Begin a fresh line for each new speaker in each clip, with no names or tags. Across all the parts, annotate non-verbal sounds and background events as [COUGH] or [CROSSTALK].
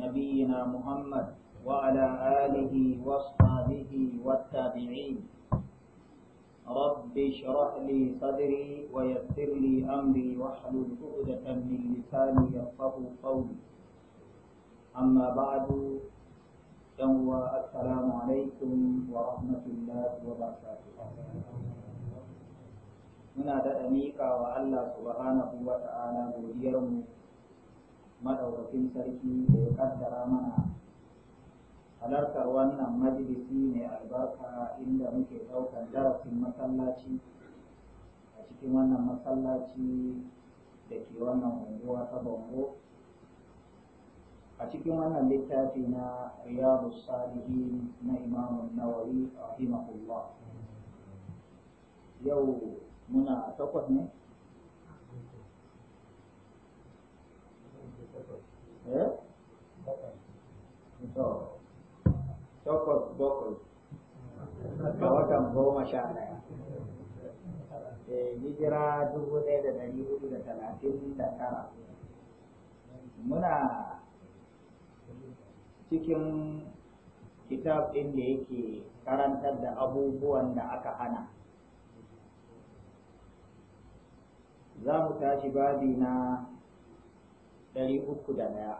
نبينا محمد وعلى آله وصحبه والتابعين رب اشرح لي صدري ويسر لي أمري واحلل عقدة من لساني يفقه قولي أما بعد فهو السلام عليكم ورحمة الله وبركاته muna da miƙa wa Allah subhanahu wa ta'ala madaukakin sarki da ya kaddara mana halartar wannan majalisi ne albarka inda muke ɗaukar darasin masallaci a cikin wannan masallaci da ke wannan unguwa ta bango a cikin wannan littafi na riyadu salihin na imamun nawawi rahimahullah yau muna takwas ne Eh? takwas bakwai ga watan goma sha ɗaya eh, hijira dubu ɗaya da ɗari hudu da talatin da tara muna cikin kitab ɗin da yake karantar da abubuwan da aka hana za mu tashi babi na Dari uku da ɗaya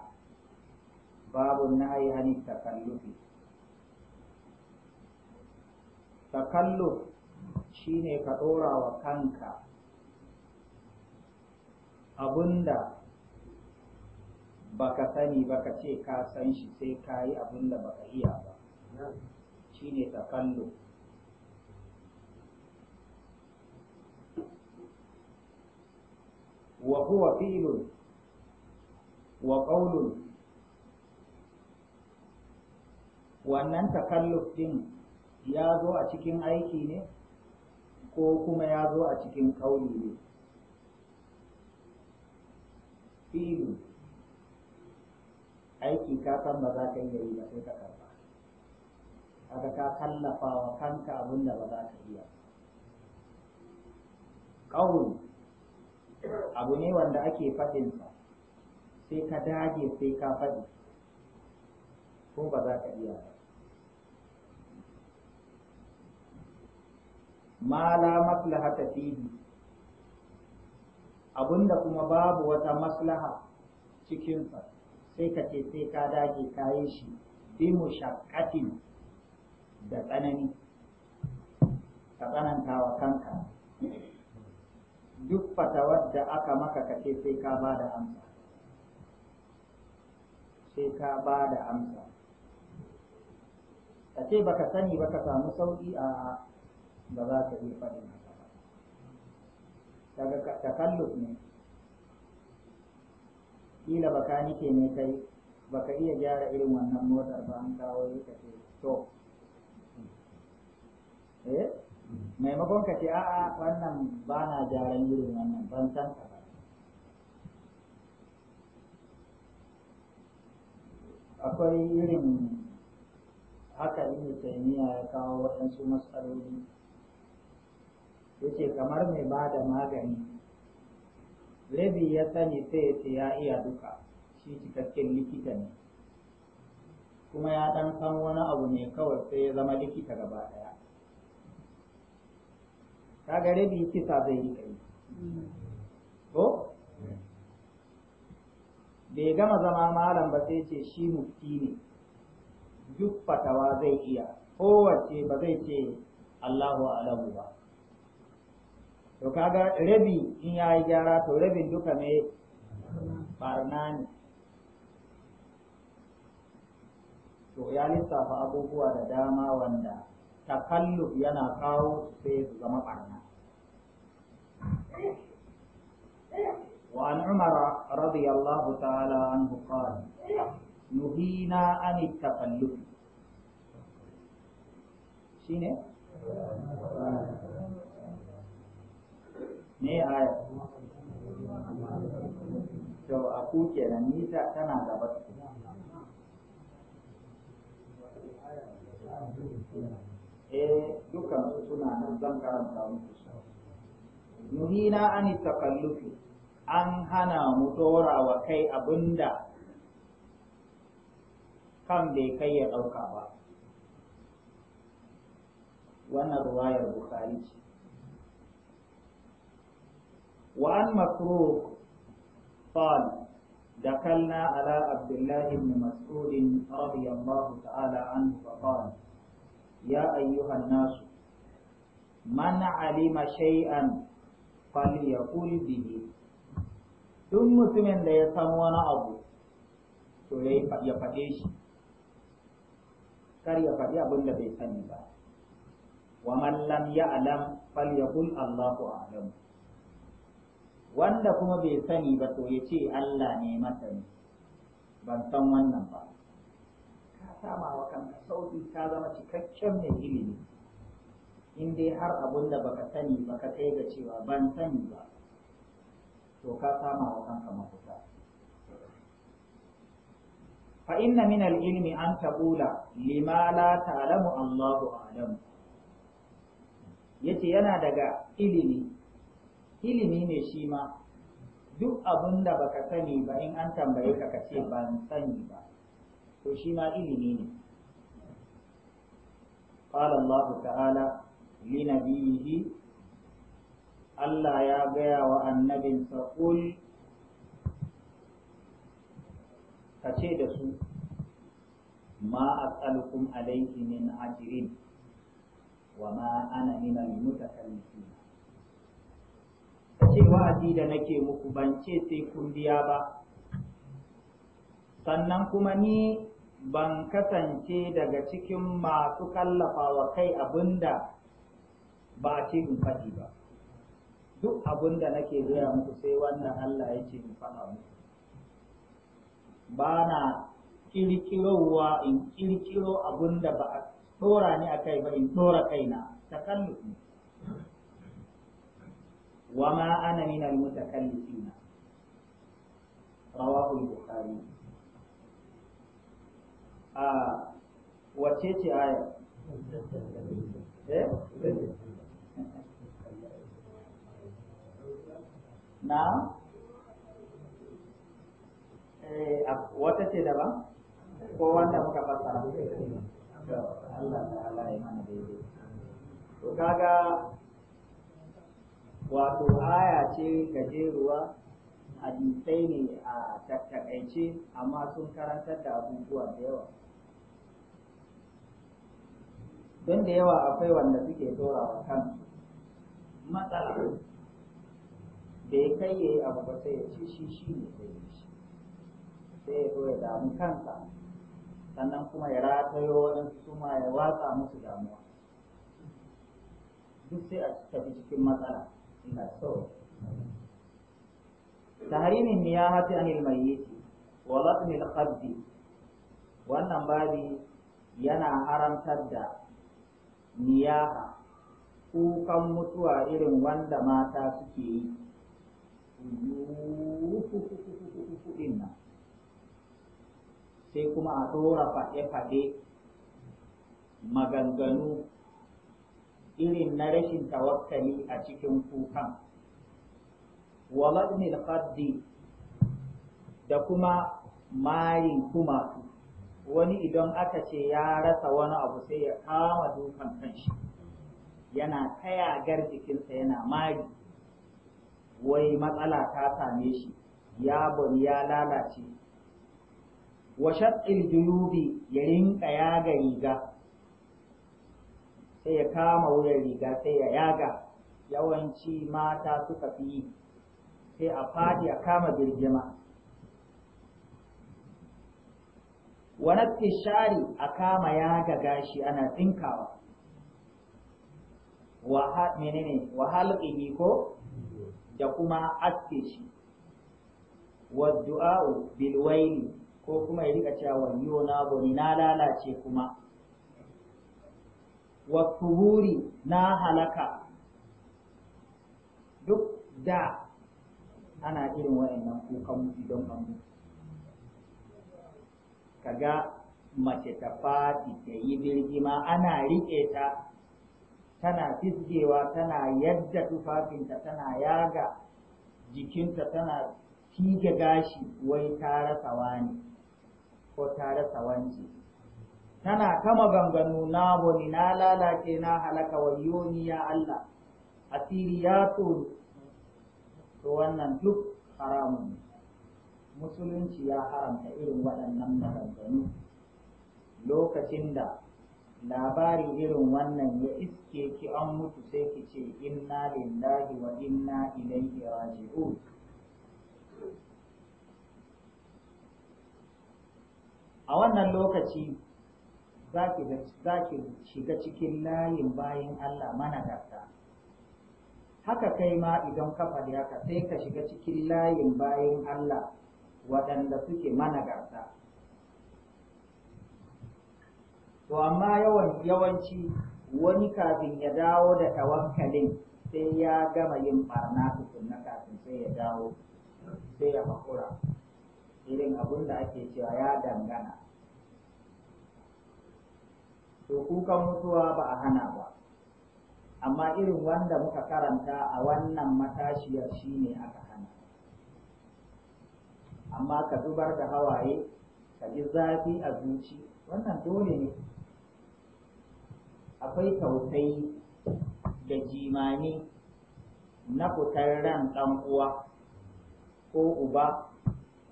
babu yi hani takallufi takalluf shine ka ɗora wa kanka abunda baka sani ba ka ce ka san shi sai ka yi abunda baka iya ba shine takalluf wa huwa filun wa ƙaunun wannan takalluf ɗin ya zo a cikin aiki ne ko kuma ya zo a cikin ƙauni ne filu aiki ka san ba za ka iya yi ba sai ka karba aka ka kallafa wa kanka abin da ba za ka iya ƙauni abu ne wanda ake faɗinsa sai ka dage sai ka faɗi ko ba za ka iya ba ma la maslahata fihi abunda kuma babu wata maslaha cikinsa sai ka ce sai ka dage ka yi shi bi mushaqqatin da tsanani ka tsananta wa kanka duk fatawar da aka maka ka ce sai ka ba da amsa sai ka ba da amsa ka ce ba ka sani ba ka samu sauƙi a ba za ka iya faɗin haka ba daga takallus ne kila baka nike ne kai Ba ka iya gyara irin wannan motar ba an kawo ka ce to eh maimakon ka ce a'a wannan ba na gyaran irin wannan ban san ka akwai irin haka ibn taymiya ya kawo waɗansu matsaloli yake kamar mai ba da magani rabi ya sani sai ce ya iya duka shi cikakken likita ne kuma ya ɗan san wani abu ne kawai sai ya zama likita gaba ɗaya kaga rabi kisa zai yi kai ko mm. bai gama zama malam ba sai ce shi mufti ne duk fatawa zai iya kowace ba zai ce Allahu alamu ba to kaga rabi in ya yi gyara to rabin duka ne barna ne to ya lissafa abubuwa da dama wanda takalluf yana kawo sai su zama barna وعن عمر رضي الله تعالى عنه قال نهينا عن التكلف شنو ني آية شو أكو كنا نيسا كنا دبت Eh, dukkan su suna nan zan karanta muku. an hana mu wa kai abinda kan bai kai ya ɗauka ba wannan ruwayar bukari ce wa an da قال دخلنا على عبد الله بن مسعود رضي الله تعالى عنه فقال يا أيها الناس من علم شيئا فليقل به duk mutumin da ya san wani abu to ya faɗe shi kar ya faɗi abin da bai sani ba wa man lam ya'lam falyaqul Allahu a'lam wanda kuma bai sani ba to ya ce Allah ne masani ban san wannan ba ka sama wa kanka sauki ka zama cikakken mai ilimi in dai har abin da baka sani baka kai ga cewa ban sani ba to ka sama wa kanka mafita fa inna min al-ilmi an taqula lima la ta'lamu Allahu a'lam yace yana daga ilimi ilimi ne shi ma duk abun da baka sani ba in an tambaye ka ka ce ban sani ba to shi ma ilimi ne qala Allah ta'ala li nabiyhi Allah ya gaya wa annabinsa Sa'ul, ka ce da su ma as'alukum ne min ajirin wa ma ana min al ka ce wa'azi da nake muku ban ce sai kun biya ba sannan kuma ni ban kasance daga cikin masu kallafa wa kai abinda ba a ce in faɗi ba duk abin da nake gaya muku sai wannan Allah ya ce in faɗa muku ba na kirkirowa in kirkiro abin da ba a ɗora ni a kai ba in ɗora kaina takallufi wa ma ana min al mutakallifina rawahu al-bukhari a ah, wace ce aya eh na eh, wata ce daban ko wanda muka fassara Allah ta'ala ya mana daidai to kaga wato aya ce gajeruwa hadisai ne a tattakaice amma sun karantar da abubuwa da yawa don da yawa akwai wanda suke dora wa matsala ya kai ya yi abu ba sai ya ci shi shi ne sai ya shi sai ya zo ya damu kansa sannan kuma ya ratayo waɗansu kuma ya watsa musu damuwa duk sai a tafi cikin matsala ina so tahrimin niyahati anil mayyit wa latmil qabdi wannan babi yana haramtar da niyaha kukan mutuwa irin wanda mata suke yi din sai kuma a tsora faɗe-faɗe maganganu irin na rashin tawakkali a cikin kukan wa magnil faddi da kuma mayin kuma wani idan aka ce ya rasa wani abu sai ya kama dukan kanshi yana kayagar jikinsa yana mari wai matsala ta same shi ya bari ya lalace wa shat'il junubi ya rinka yaga riga sai ya kama wuyan riga sai ya yaga yawanci mata suka fi yi sai a fadi a kama birgima Wani tishari a kama ga gashi ana tsinkawa wa menene wa halqihi ko da kuma aske shi wadda'u bil waili ko kuma ya rika cewa wayo na boni na lalace kuma wa na halaka duk da ana irin waɗannan kukan don an kaga mace ta faɗi ta yi birgima ana riƙe ta tana fisgewa tana yadda tufafinta tana yaga jikinta tana tiga gashi wai ta rasa wani ko ta rasa wanci tana kama ganganu na boni na lalace na halaka wayo yoni ya Allah asiri ya to to wannan duk haramun musulunci ya haramta irin waɗannan maganganu lokacin da labarin irin wannan ya iske ki an mutu sai ki ce inna lillahi wa inna ilaihi raji'un a wannan lokaci za ki shiga cikin layin bayan Allah managarta haka kai ma idan ka faɗi haka sai ka shiga cikin layin bayan Allah waɗanda suke managarta to amma yawan yawanci wani kafin ya dawo da tawakkalin sai ya gama yin barna na kafin sai ya dawo sai ya makura irin abun da ake cewa ya dangana to kukan mutuwa ba a hana ba amma irin wanda muka karanta a wannan matashiyar shine aka hana amma ka zubar da hawaye ka ji zafi a zuci wannan dole ne akwai tausayi da jimami na fitar ran ɗan uwa ko uba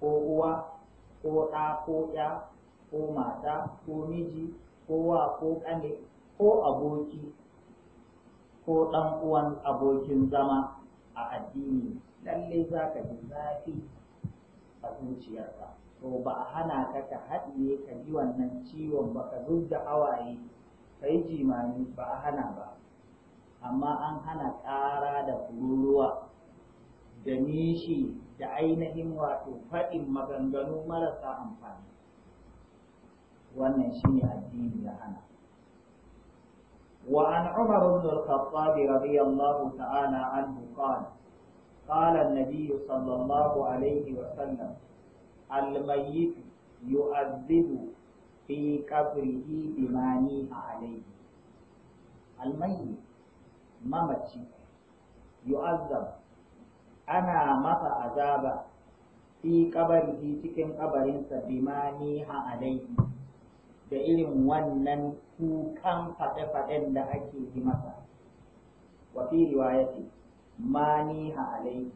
ko uwa ko ɗa ko ya ko mata ko miji ko wa ko ƙane ko aboki ko ɗan uwan abokin zama a addini lalle za ka ji zafi a zuciyarka to ba a hana ka ka haɗiye ka yi wannan ciwon ba ka zub da hawaye ka yi jimami ba a hana ba amma an hana ƙara da kururuwa da nishi da ainihin wato faɗin maganganu marasa amfani wannan shine addini ya hana وعن عمر بن الخطاب رضي الله تعالى عنه قال قال النبي صلى الله عليه وسلم الميت يؤذب في قبره بما نيها عليه الميت ممتشي يؤذب أنا مطى عذابا في قبره cikin ƙabarinsa بما نيها عليه da irin wannan kukan faɗe-faɗen da ake yi masa wa fi riwayati ma alaihi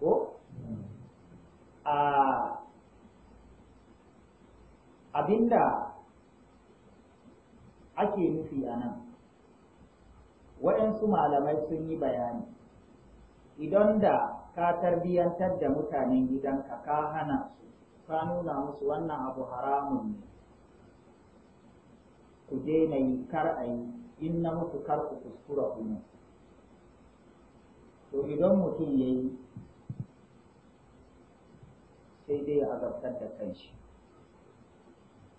ko a abinda ake nufi a nan waɗansu malamai sun yi bayani idan da ka tarbiyyantar da mutanen gidanka ka hana su ka nuna musu wannan abu haramun ne ku daina yi kar a yi in na mutu kar ku kuskura kuma to idan mutum ya yi sai dai ya azabtar da kanshi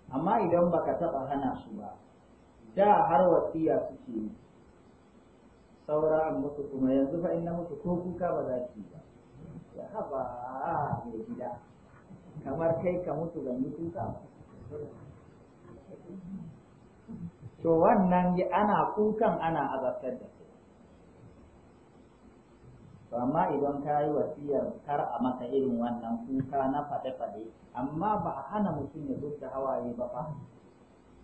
amma idan baka taɓa hana su ba da har wasiya suke yi saura an musu kuma yanzu fa inna na ko kuka ba za su yi ba ya haba mai gida kamar kai ka mutu ga yi kuka to wannan ana kukan ana azabtar da to amma idan ka yi wasiyar kar a maka irin wannan kuka na fade-fade amma ba a hana mutum ya zub da hawaye ba fa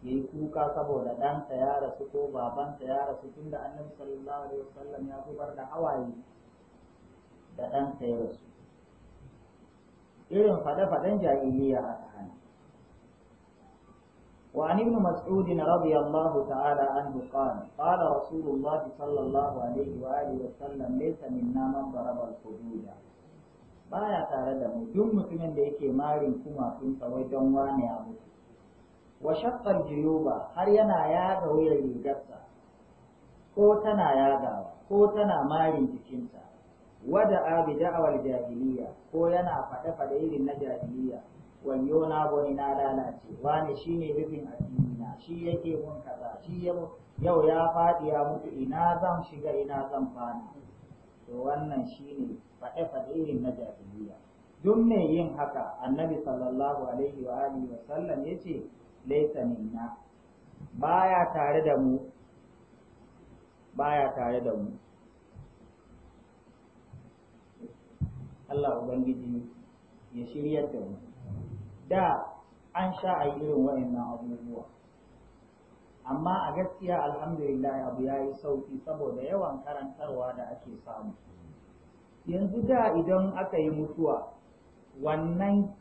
ya yi kuka saboda ɗansa ya rasu ko babansa ya rasu tun da annabi sallallahu alaihi wasallam ya zubar da hawaye da ɗansa ya rasu irin faɗe-faɗen jahiliya aka hana وعن ابن مسعود رضي الله تعالى عنه قال قال رسول الله صلى الله عليه وآله وسلم ليس منا من ضرب الحدود baya tare da mu duk mutumin da yake marin kumatunsa wajen don a mutu wa shakkar juyuba har yana yaga wuyar rigarsa ko tana yagawa ko tana marin jikinta wada abi da'awar jahiliya ko yana faɗe-faɗe irin na jahiliya wayo na gwani na lalace wani shi ne rufin addini shi yake mun kaza shi yau ya faɗi ya mutu ina zan shiga ina zan fana to wannan shi ne faɗe-faɗe irin na jahiliya duk me yin haka annabi sallallahu alaihi wa alihi wa sallam ya ce laisa minna baya tare da mu baya tare da mu Allah Ubangiji ya shiryar da mu da an sha a yi irin wayannan abubuwa amma a gaskiya alhamdulillah abu ya yi sauki saboda yawan karantarwa da ake samu yanzu da idan aka yi mutuwa wannan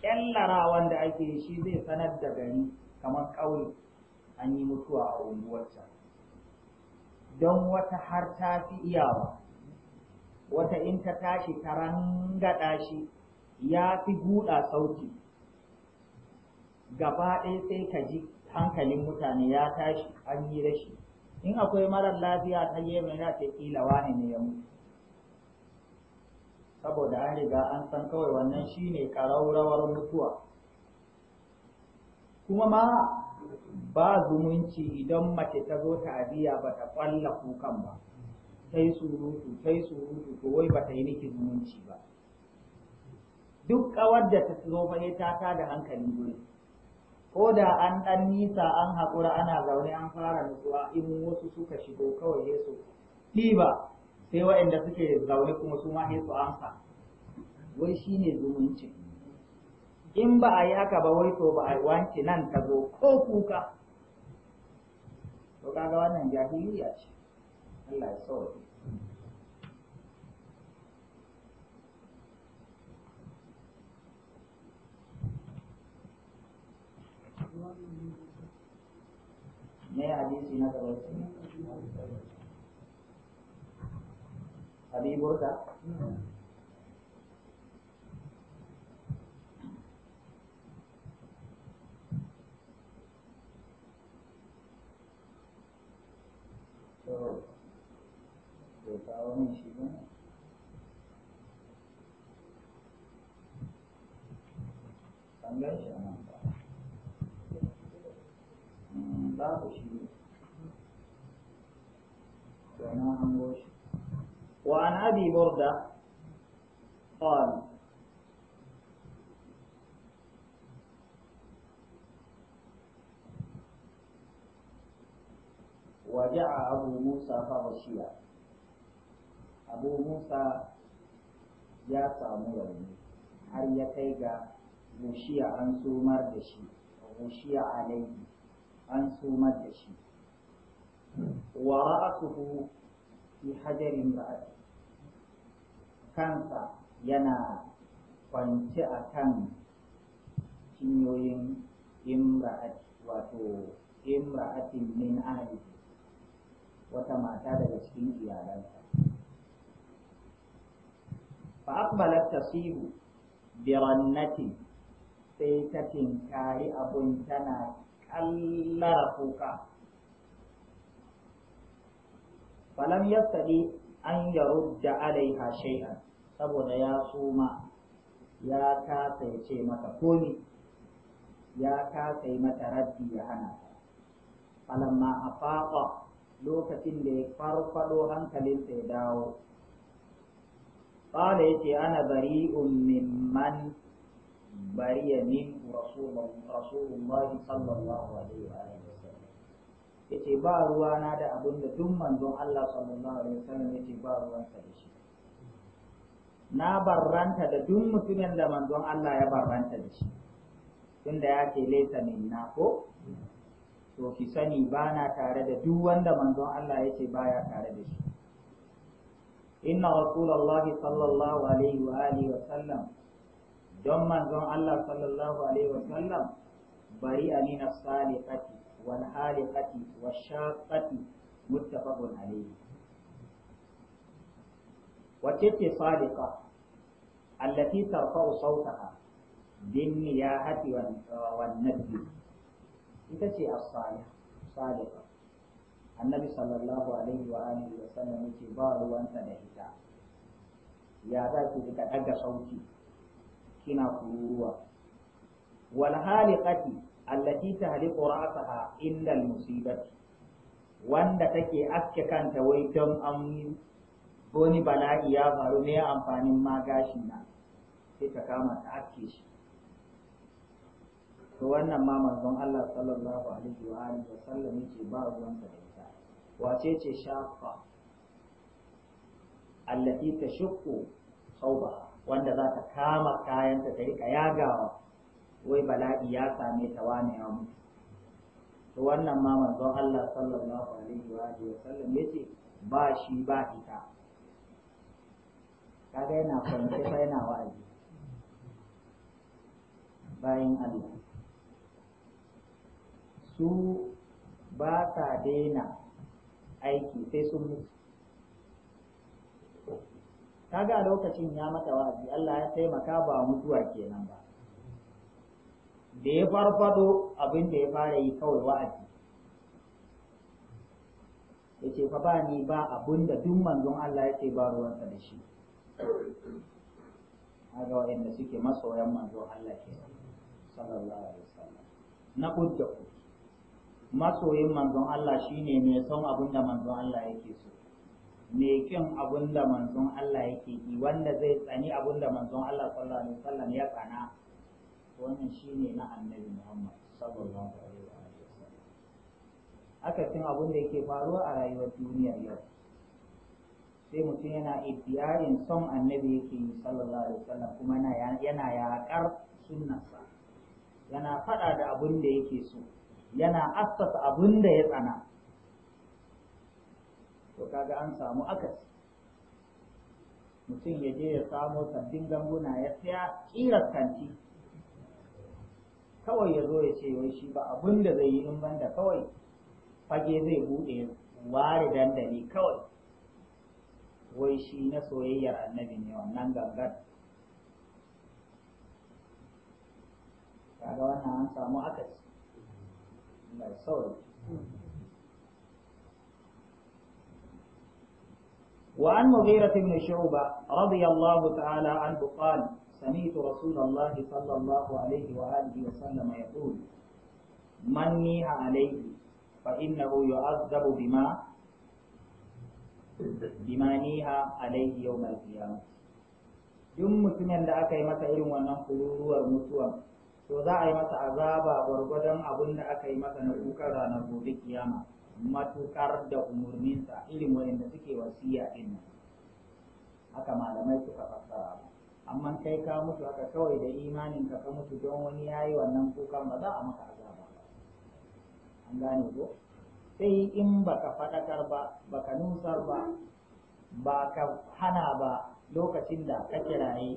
kyallarawan da ake shi zai sanar da gari kamar ƙauye an yi mutuwa a unguwarta don wata har ta fi iyawa wata in ta tashi ta rangada shi ya fi buɗa sauki gaba ɗaya sai ka ji hankalin mutane ya tashi an yi rashi in akwai marar lafiya ta yemen ya ce kila wani ne ya mutu saboda an riga an san kawai wannan shi ne karaurawar mutuwa kuma ma ba zumunci idan mace ta zo ta abiya ba ta ƙwalla kukan ba ta yi surutu sai yi surutu ko wai ba ta yi niki zumunci ba duk kawar da ta zo fa ta da hankali gurin ko da an ɗan nisa an haƙura ana zaune an fara nutsuwa in wasu suka shigo kawai Yesu su ɗiba sai waɗanda suke zaune kuma su ma Yesu su sa wai shine zumunci in ba a yi haka ba wai to ba a wanke nan ta zo ko kuka to kaga wannan jahiliya ce Allah ya sauke me hadisi na gaba abi burda to to kawo min هذه مردة قال وجع أبو موسى فرشيا أبو موسى يا سامور هل يتيجا مشيا أن مردشي دشي عليه أن مردشي دشي ورأته في حجر رأته kansa yana kwance a kan cinyoyin imra'ati wato imra'atin min ahli wata mata daga cikin iyalansa fa aqbalat tasihu bi rannati sai ta tinkari abun tana kallara kuka falam yastadi an yarudda alaiha shay'an saboda ya suma ya kasa ya ce mata komi ya kasa mata rabbi ya hana ta falamma afaqa lokacin da ya farfado hankalinsa ya dawo qala yace ana bari'un mimman bariya min rasulullahi sallallahu alaihi wa yace ba ruwa na da abin da duk manzon Allah sallallahu alaihi wasallam yace ba ruwan sa da shi na barranta da duk mutumin da manzon Allah ya barranta da shi tunda ya ce laisa minna ko to ki sani ba na tare da duk wanda manzon Allah yace baya tare da shi inna rasulullahi sallallahu alaihi wa alihi wa sallam don manzon Allah sallallahu alaihi wa sallam bari anina salihati والحالقة والشاقة متفق عليه وتلك صادقة التي ترفع صوتها بالنياحة والنبي ita ce asali sadiqa annabi sallallahu alaihi wa wa sallam yake ba ruwanta da ita ya za ki rika ɗaga sauti? kina kururuwa wal haliqati allati tahliqu ra'saha inda musibati wanda take aske kanta wai don an wani bala'i ya faru ne amfanin magashin nan sai ta kama ta aske shi to wannan ma manzon Allah sallallahu alaihi wa alihi wa sallam yace ba ruwan ta ita wace ce shafa allati tashqu thawbaha wanda za ta kama kayanta ta rika yagawa wai bala'i ya same ta wane ya mutu to wannan ma manzon Allah sallallahu alaihi wa alihi wasallam yace ba shi ba ita kaga yana kwance sai yana wa'azi bayan Allah su ba sa daina aiki sai sun mutu kaga ga lokacin ya mata wa'azi Allah ya taimaka ba mutuwa kenan ba da ya farfado abin da ya fara yi kawai wa'azi ya ce fa ba ni ba abin da duk manzon Allah ya ce ba ruwansa da shi haka waɗanda suke masoyan manzon Allah ke sallallahu alaihi wasallam na ku, masoyin manzon Allah shine mai son abin da manzon Allah yake so mai kyan abinda da manzon Allah yake yi wanda zai tsani abinda da manzon Allah sallallahu alaihi wasallam ya tsana wannan shi ne na annabi Muhammad sallallahu alaihi wa sallam abin da yake faruwa a rayuwar duniya yau sai mutum yana iddiyarin son annabi yake yi sallallahu alaihi wasallam kuma yana yaƙar sunnarsa yana faɗa da abin da yake so yana assasa abin da ya tsana to kaga an samu akasi mutum ya je ya samo sabbin ganguna ya tsaya ƙirar kanti kawai ya zo ya ce wai shi ba abin da zai yi in banda kawai fage zai buɗe ware dandali kawai wai shi na soyayyar annabi ne wannan gangar kaga wannan an samu akasi mai sauri وعن مغيرة بن شعبة رضي الله تعالى عنه قال سمعت رسول الله صلى الله عليه وآله وسلم يقول من نيء عليه فإنه يعذب بما بما نيء عليه يوم القيامة duk mutumin da aka yi masa irin wannan kururuwar mutuwa to za a yi masa azaba gwargwadon abin da aka yi masa na kukar ranar gobe kiyama matukar da umarninsa irin wanda suke wasiya din haka malamai suka fassara amma kai ka mutu haka kawai da imanin ka ka mutu don wani yayi wannan kukan ba za a maka azaba an gane ko sai in baka faɗakar ba baka nusar ba ba ka hana ba lokacin da ka kiraye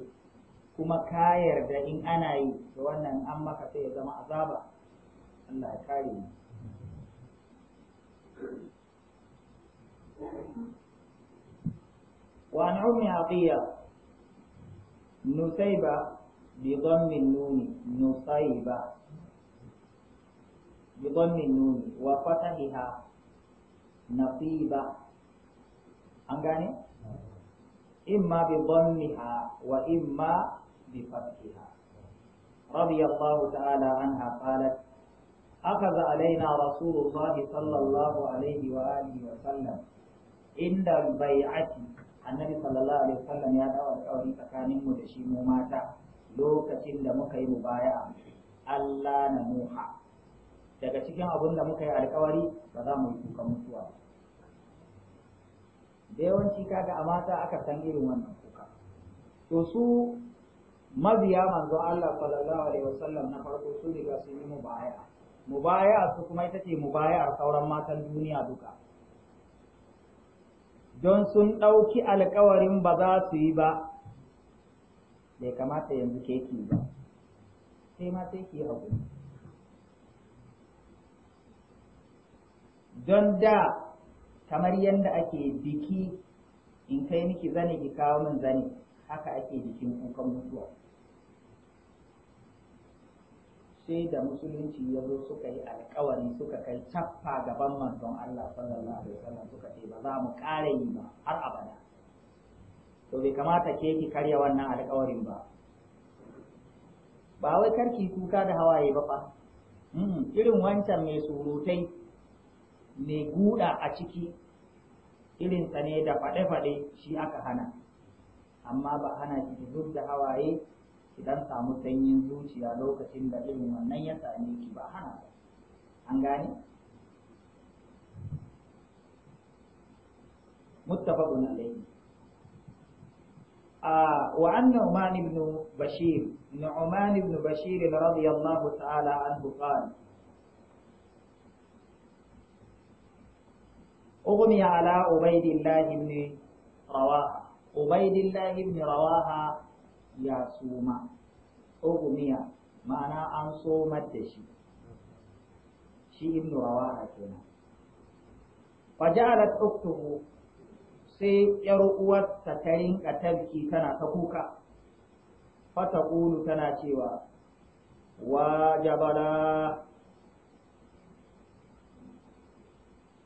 kuma ka yarda in ana yi da wannan an maka sai ya zama azaba Allah ya kare ni وعن عم عطيه ba, bi dhammin nuni nusaiba bi dhammin nuni wa fatahiha nasiba an gane bi wa bi رضي الله تعالى عنها قالت أخذ علينا رسول الله صلى الله عليه وآله وسلم عند البيعة annabi sallallahu alaihi wasallam ya dawo alƙawari tsakanin mu da shi mu mata lokacin da muka yi mubaya'a Allah na nuha daga cikin abin da muka yi alkawari ba za mu yi kuka mutuwa da yawanci kaga a mata aka san irin wannan kuka to su mabiya manzo Allah sallallahu alaihi wasallam na farko su riga sun yi mubaya'a mubaya'a su kuma ita ce mubaya'ar sauran matan duniya duka don sun ɗauki alkawarin ba za su yi ba bai kamata yanzu ke ki ba sai ma sai ki haƙuri don da kamar yadda ake biki in kai miki zane ki kawo min zane haka ake bikin kukan mutuwa sai da musulunci ya zo suka yi alkawari suka kai caffa gaban manzon Allah sallallahu alaihi wasallam suka ce ba za mu ƙara yi ba har abada to bai kamata ke ki karya wannan alkawarin ba ba wai karki kuka da hawaye ba fa hmm, irin wancan mai surutai mai guda a ciki irin ne da faɗe-faɗe shi aka hana amma ba hana ki zub da hawaye idan samu sanyin zuciya lokacin da irin wannan ya same ki ba hana ba an gane muttafaqun alayhi وعن نعمان بن بشير نعمان بن بشير رضي الله تعالى عنه قال أغمي على عبيد الله بن رواحة عبيد الله بن رواحة ya suma ogumiya ma'ana an somar da shi shi ibnu rawaha kenan ja'alat uktuhu sai yar uwarta ta rinka tabki tana ta kuka fata ƙulu tana cewa wa jabala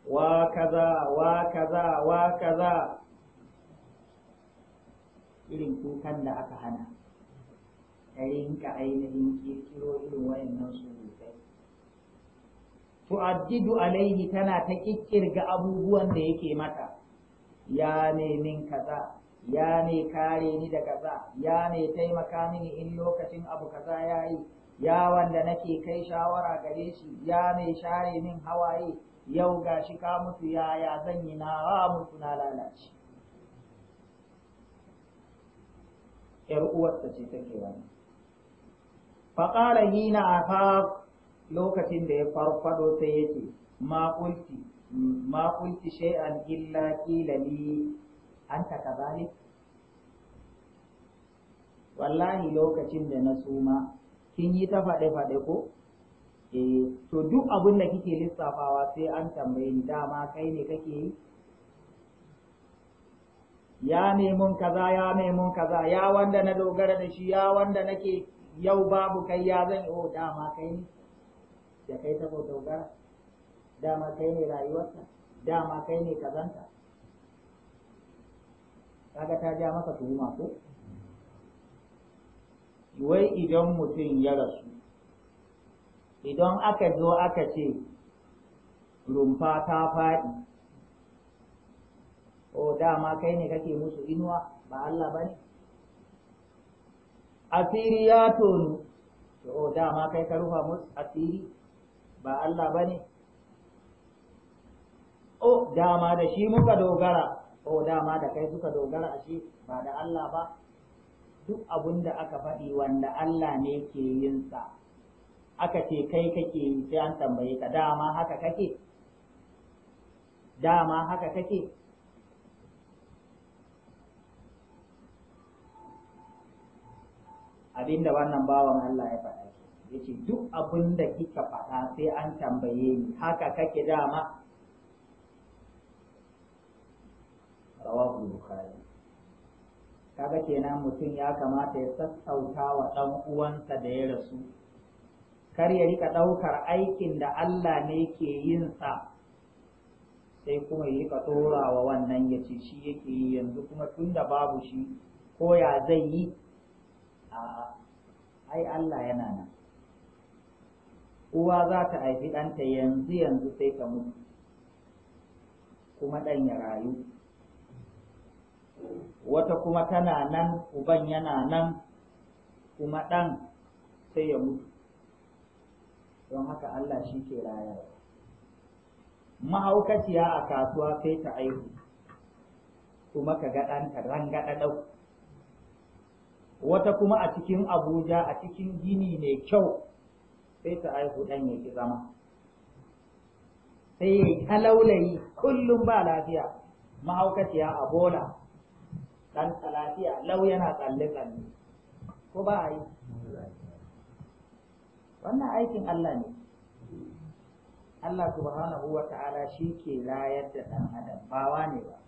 wa kaza wa kaza wa kaza irin kukan da aka hana a rinka ainihin kirkiro irin wayannan surutai tu'addidu alaihi tana ta ƙirƙirga abubuwan da yake mata ya ne min kaza ya ne kare ni da kaza ya ne taimaka mini in lokacin abu kaza ya yi ya wanda nake kai shawara gare shi ya ne share min hawaye yau ga shi ka mutu yaya zan yi na mutu na lalace yar uwarsa ce take wani faƙara hina a lokacin da ya farfado sai yake ma kulti ma shay'an illa qila anta wallahi lokacin da na suma kin yi ta faɗe faɗe ko eh to duk abin da kike lissafawa sai an tambaye ni dama kai ne kake yi ya nemun kaza ya nemun kaza ya wanda na dogara da shi ya wanda nake yau babu kai ya zan oh dama kai ne da kai ta dogara dama kai ne rayuwarka dama kai ne kazanta kaga ta ja maka tuhuma ko wai idan mutum ya rasu idan aka zo aka ce rumfa ta faɗi o dama kai ne kake musu inuwa ba Allah ba ne asiri ya tonu o dama kai ka rufa musu asiri ba Allah ba ne o dama da shi muka dogara o dama da kai suka dogara a shi ba da Allah ba duk abun da aka faɗi wanda Allah ne ke yin sa aka ce kai kake yi sai an tambaye ka dama haka kake dama haka kake abinda wannan bawan Allah ya faɗa yace duk abin da kika faɗa sai an tambaye ni haka kake dama rawabu bukhari kaga kenan mutum ya kamata ya sassauta wa ɗan uwansa da ya rasu kar ya rika ɗaukar aikin da Allah ne ke yin sa sai kuma ya rika tsorawa wannan ya ce shi yake yi yanzu kuma tun da babu shi ko ya zai yi a'a ai Allah yana nan uwa za ta haifi ɗanta yanzu yanzu sai ka mutu kuma ɗan ya rayu wata kuma tana nan uban yana nan kuma ɗan sai ya mutu don haka Allah shi ke rayarwa mahaukaciya a kasuwa sai ta aihu kuma ka ga ɗanta rangaɗa ɗau wata kuma a cikin abuja a cikin gini ne kyau sai ta aihu ɗan ya ki zama sai ya kullum ba lafiya mahaukaciya a bola ɗan lafiya lau yana tsalle-tsalle ko ba a yi wannan aikin Allah ne Allah subhanahu wa ta'ala shi ke rayar da ɗan adam ba ne ba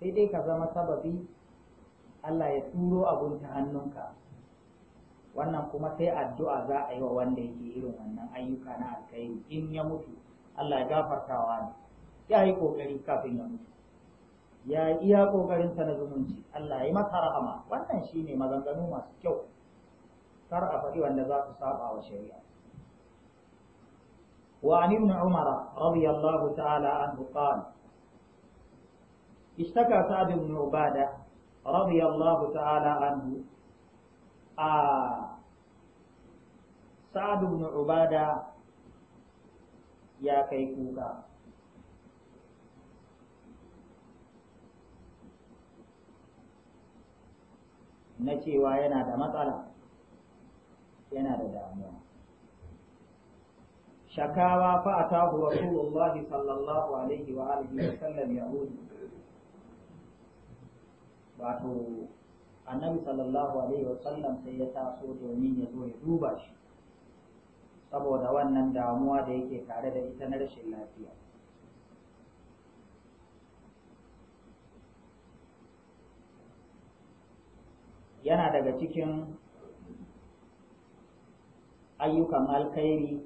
sai dai ka zama sababi Allah ya turo abun ta hannunka wannan kuma sai addu'a za a yi wa wanda yake irin wannan ayyuka na alkhairi in ya mutu Allah ya gafartawa ne ya yi kokari kafin ya mutu ya yi iya kokarin sa na zumunci Allah ya yi masa rahama wannan shine maganganu masu kyau kar a faɗi wanda za su saba wa shari'a wa ابن عمر رضي الله تعالى عنه قال اشتكى سعد بن عبادة radiyallahu ta'ala anhu a sa'adu ibn ya kai kuka na cewa yana da matsala yana da damuwa shakawa fa atahu rasulullahi sallallahu alaihi sallam wato annabi sallallahu alaihi wasallam sai ya taso domin ya zo ya duba shi saboda wannan damuwa da yake tare da ita na rashin lafiya yana daga cikin ayyukan alkhairi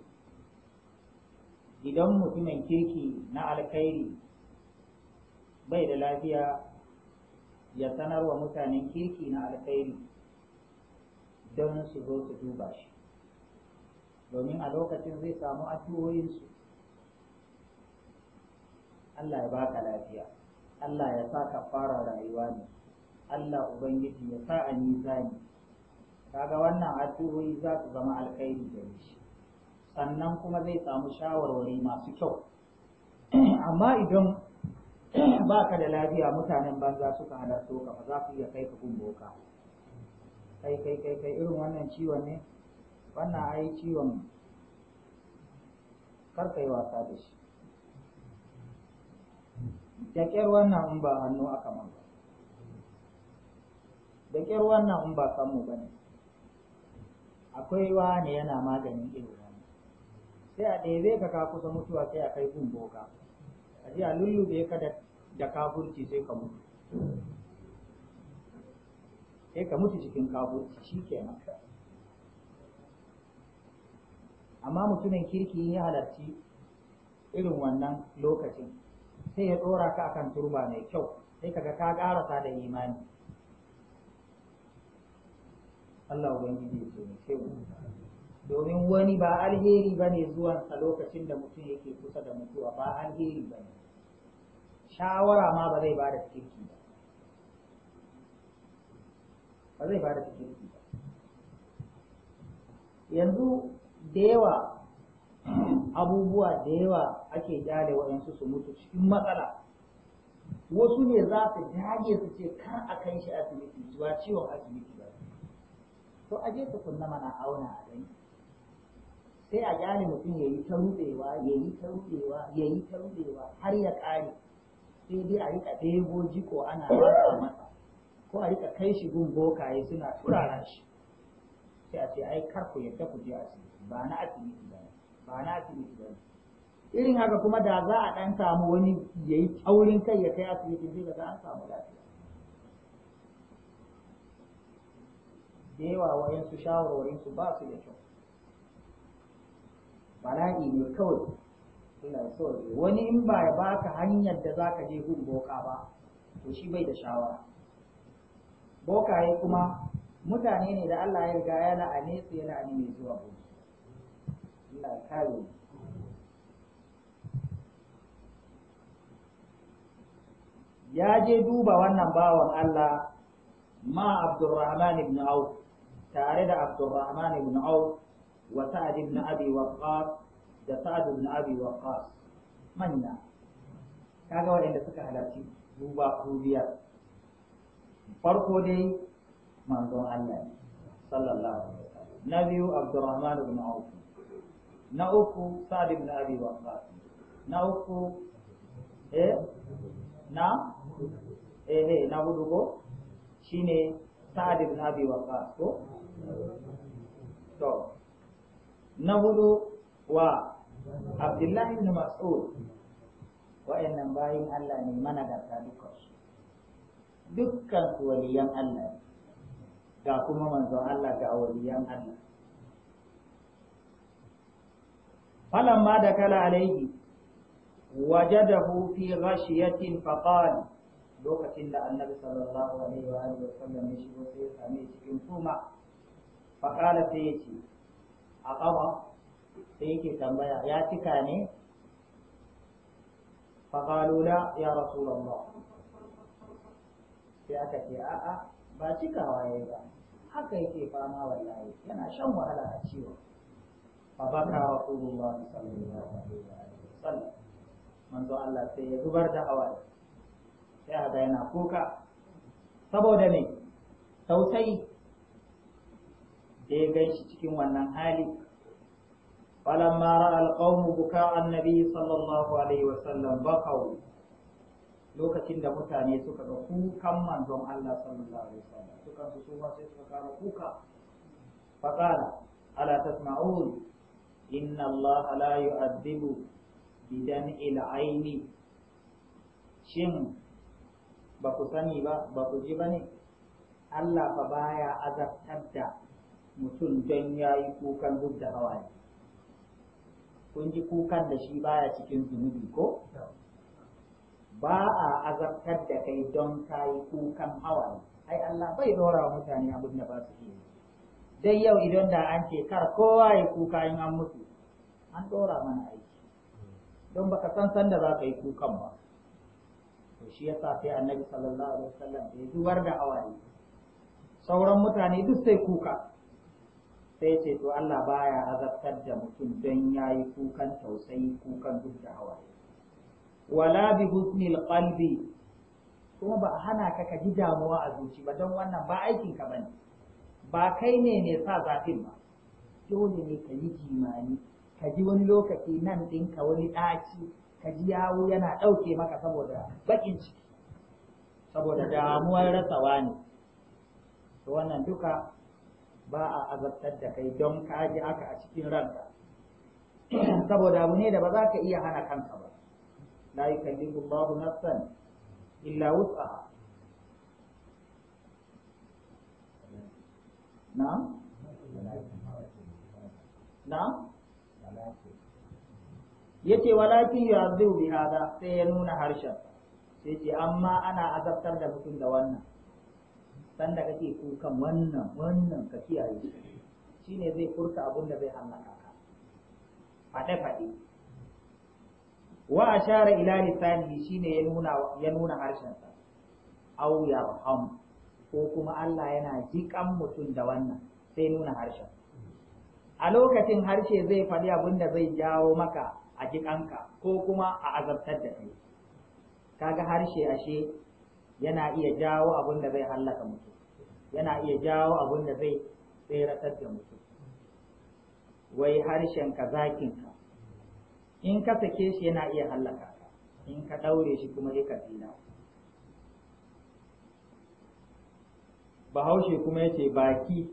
idan mutumin kirki na alkhairi bai da lafiya ya sanar wa mutanen kirki na alkhairi don su zo su duba shi domin a lokacin zai samu addu'o'insu Allah ya baka lafiya Allah ya sa ka fara rayuwa ne Allah Ubangiji ya sa a nizani kaga wannan addu'o'i za su zama alkhairi da shi sannan kuma zai samu shawarwari masu kyau [CLEARS THROAT] amma idan [CLEARS THROAT] ba ka da lafiya mutanen banza suka halarto ka ba za ku iya kai ka gun boka kai kai kai kai irin wannan ciwon ne wannan ai ciwon kar ka yi wasa da shi da ƙyar wannan in ba hannu aka man ba da ƙyar wannan in ba kanmu ba ne akwai wani yana maganin irin wannan sai a ɗebe ka ka kusa mutuwa sai a kai gun boka a ji a lullube ka da kafurci sai ka mutu sai ka mutu cikin kafurci shi kenan amma mutumin kirki ya halarci irin wannan lokacin sai ya ɗora ka akan turba mai kyau sai kaga ka ƙarasa da imani Allah ubangiji ya ce mu domin wani ba alheri ba ne zuwansa lokacin da mutum yake kusa da mutuwa ba alheri ba ne shawara ma ba zai ba da kirki ba ba zai ba da kirki ba yanzu da yawa abubuwa da yawa ake jale waɗansu su mutu cikin matsala wasu ne za su jage su ce kar a kai shi asibiti zuwa ciwon asibiti ba to aje su kunna mana auna a gani sai a gane mutum ya yi ta rubewa ya yi ta rubewa ya yi ta rubewa har ya ƙare sai dai a rika ɗebo jiko ana rasa masa ko a rika kai shi gun bokaye suna turara shi sai a ce ai kar ku yadda ku je asibiti ba na asibiti ba ba na asibiti ba irin haka kuma da za a ɗan samu wani ya yi taurin kai ya kai asibiti sai ga an samu lafiya da yawa wayansu shawarwarinsu ba su da kyau bala'i ne kawai so wani in ba ya baka hanyar da za ka je gun boka ba to shi bai da shawara bokaye kuma mutane ne da Allah ya riga ya la'ane su yana la'ane mai zuwa boka Allah kare ya je duba wannan bawan Allah ma Abdurrahman ibn Auf tare da Abdurrahman ibn Auf وسعد بن أبي وقاص da sa'ad ibn abi waqqas manya kaga waɗanda suka halarci duba ko biyar farko dai manzon Allah ne sallallahu alaihi wasallam na biyu abdurrahman ibn auf na uku sa'ad ibn abi waqqas na uku eh na eh eh na hudu ko shine sa'ad ibn abi waqqas ko to na hudu wa abdullahi ibn mas'ud wa'annan bayin Allah ne managarta dukkan su dukkan su waliyan Allah ga kuma manzon Allah ga waliyan Allah falamma da kala alaihi wajadahu fi ghashiyatin faqal lokacin da annabi sallallahu alaihi wa alihi wa sallam ya shigo sai ya same cikin kuma faqala sai ya ce a ƙafa sai yake tambaya ya cika ne faƙalula ya rasulallah sai aka ce a'a ba cikawa ya yi ba haka yake fama wallahi yana shan wahala a ciwo fabaka rasulullah sallallahu alaihi wa sallam manzo Allah sai ya zubar da hawaye sai yana kuka saboda ne tausayi da ya gan shi cikin wannan hali falamma ra'a alqawmu buka'a annabi sallallahu alaihi wasallam bakau lokacin da mutane suka ga kukan manzon Allah sallallahu alaihi wasallam suka su su ma sai suka kama kuka faqala ala tasma'un inna Allah la yu'adhibu bidan'il aini shin ba ku sani ba ba ku ji ba ne? Allah ba baya azabtar da mutum don ya yi kukan duk da hawaye kun ji kukan da shi baya cikin zunubi ko ba a azabtar da kai don ka yi kukan hawaye ai Allah bai dora wa mutane abin da ba su yi dai yau idan da an ce kar kowa ya kuka in an mutu an dora mana aiki don baka san sanda za ka yi kukan ba to shi sa sai annabi sallallahu alaihi wasallam ya zubar da hawaye sauran mutane duk sai kuka sai ce to Allah baya azabtar da mutum don yayi kukan tausayi kukan duk da hawaye wala bi husnil qalbi kuma ba a hana ka ka ji damuwa a zuci ba don wannan ba aikin ka bane ba kai ne ne sa zafin ba dole ne ka yi jimani ka ji wani lokaci nan ka wani ɗaci ka ji yawo yana ɗauke maka saboda baƙin ciki saboda damuwar rasawa ne to wannan duka ba a azabtar da kai don ka ji haka a cikin ranka [CLEARS THROAT] saboda abu ne da ba za ka iya hana kanka ba la yukallifu Allahu nafsan illa wus'aha na na yace walakin yu'adhibu bi hada sai ya nuna harshen sai ce amma ana azabtar da mutum da wannan sanda kake kukan wannan wannan ka kiyaye shi ne zai furta abun da zai hallaka ka faɗe faɗe wa ashara ila lisanihi shine ya nuna ya nuna harshen sa aw ham ko kuma Allah yana jikan mutum da wannan sai nuna harshen a lokacin harshe zai faɗi abin da zai jawo maka a jikanka ko kuma a azabtar da kai kaga harshe ashe yana iya jawo abin da zai hallaka mutum yana iya jawo abin da zai tseratar da mutum wai harshen ka zakin ka in ka sake shi yana iya hallaka ka in ka daure shi kuma ya tsira bahaushe kuma ya ce baki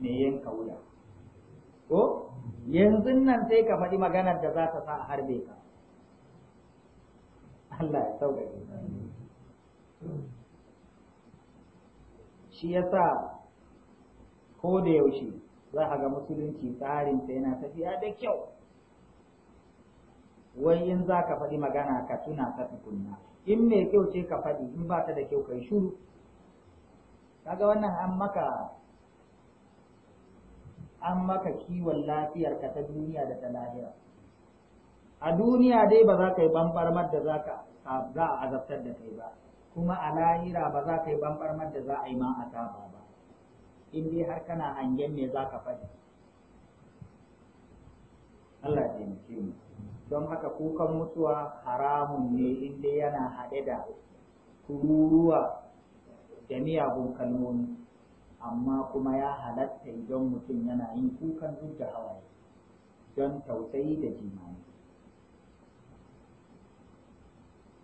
ne yanka wuya ko yanzu nan sai ka faɗi maganar da za ta sa a harbe ka Allah ya sauƙaƙe shi yasa ko da yaushe za a ga musulunci sai yana tafiya da kyau wai in za ka faɗi magana ka tuna ta tukunna in mai kyau ce ka faɗi in ba ta da kyau kai shuru kaga wannan an maka an maka kiwon lafiyarka ta duniya da ta lahira a duniya dai ba za ka yi bambarmar da za ka za a azabtar da kai ba kuma a lahira ba za ka yi bambarmar da za a yi ma ba in dai har kana hangen me za ka faɗi Allah ya taimake mu don haka kukan mutuwa haramun ne in dai yana haɗe da kururuwa da miyagun kalmomi amma kuma ya halatta idan mutum yana yin kukan duk da hawaye don tausayi da jimani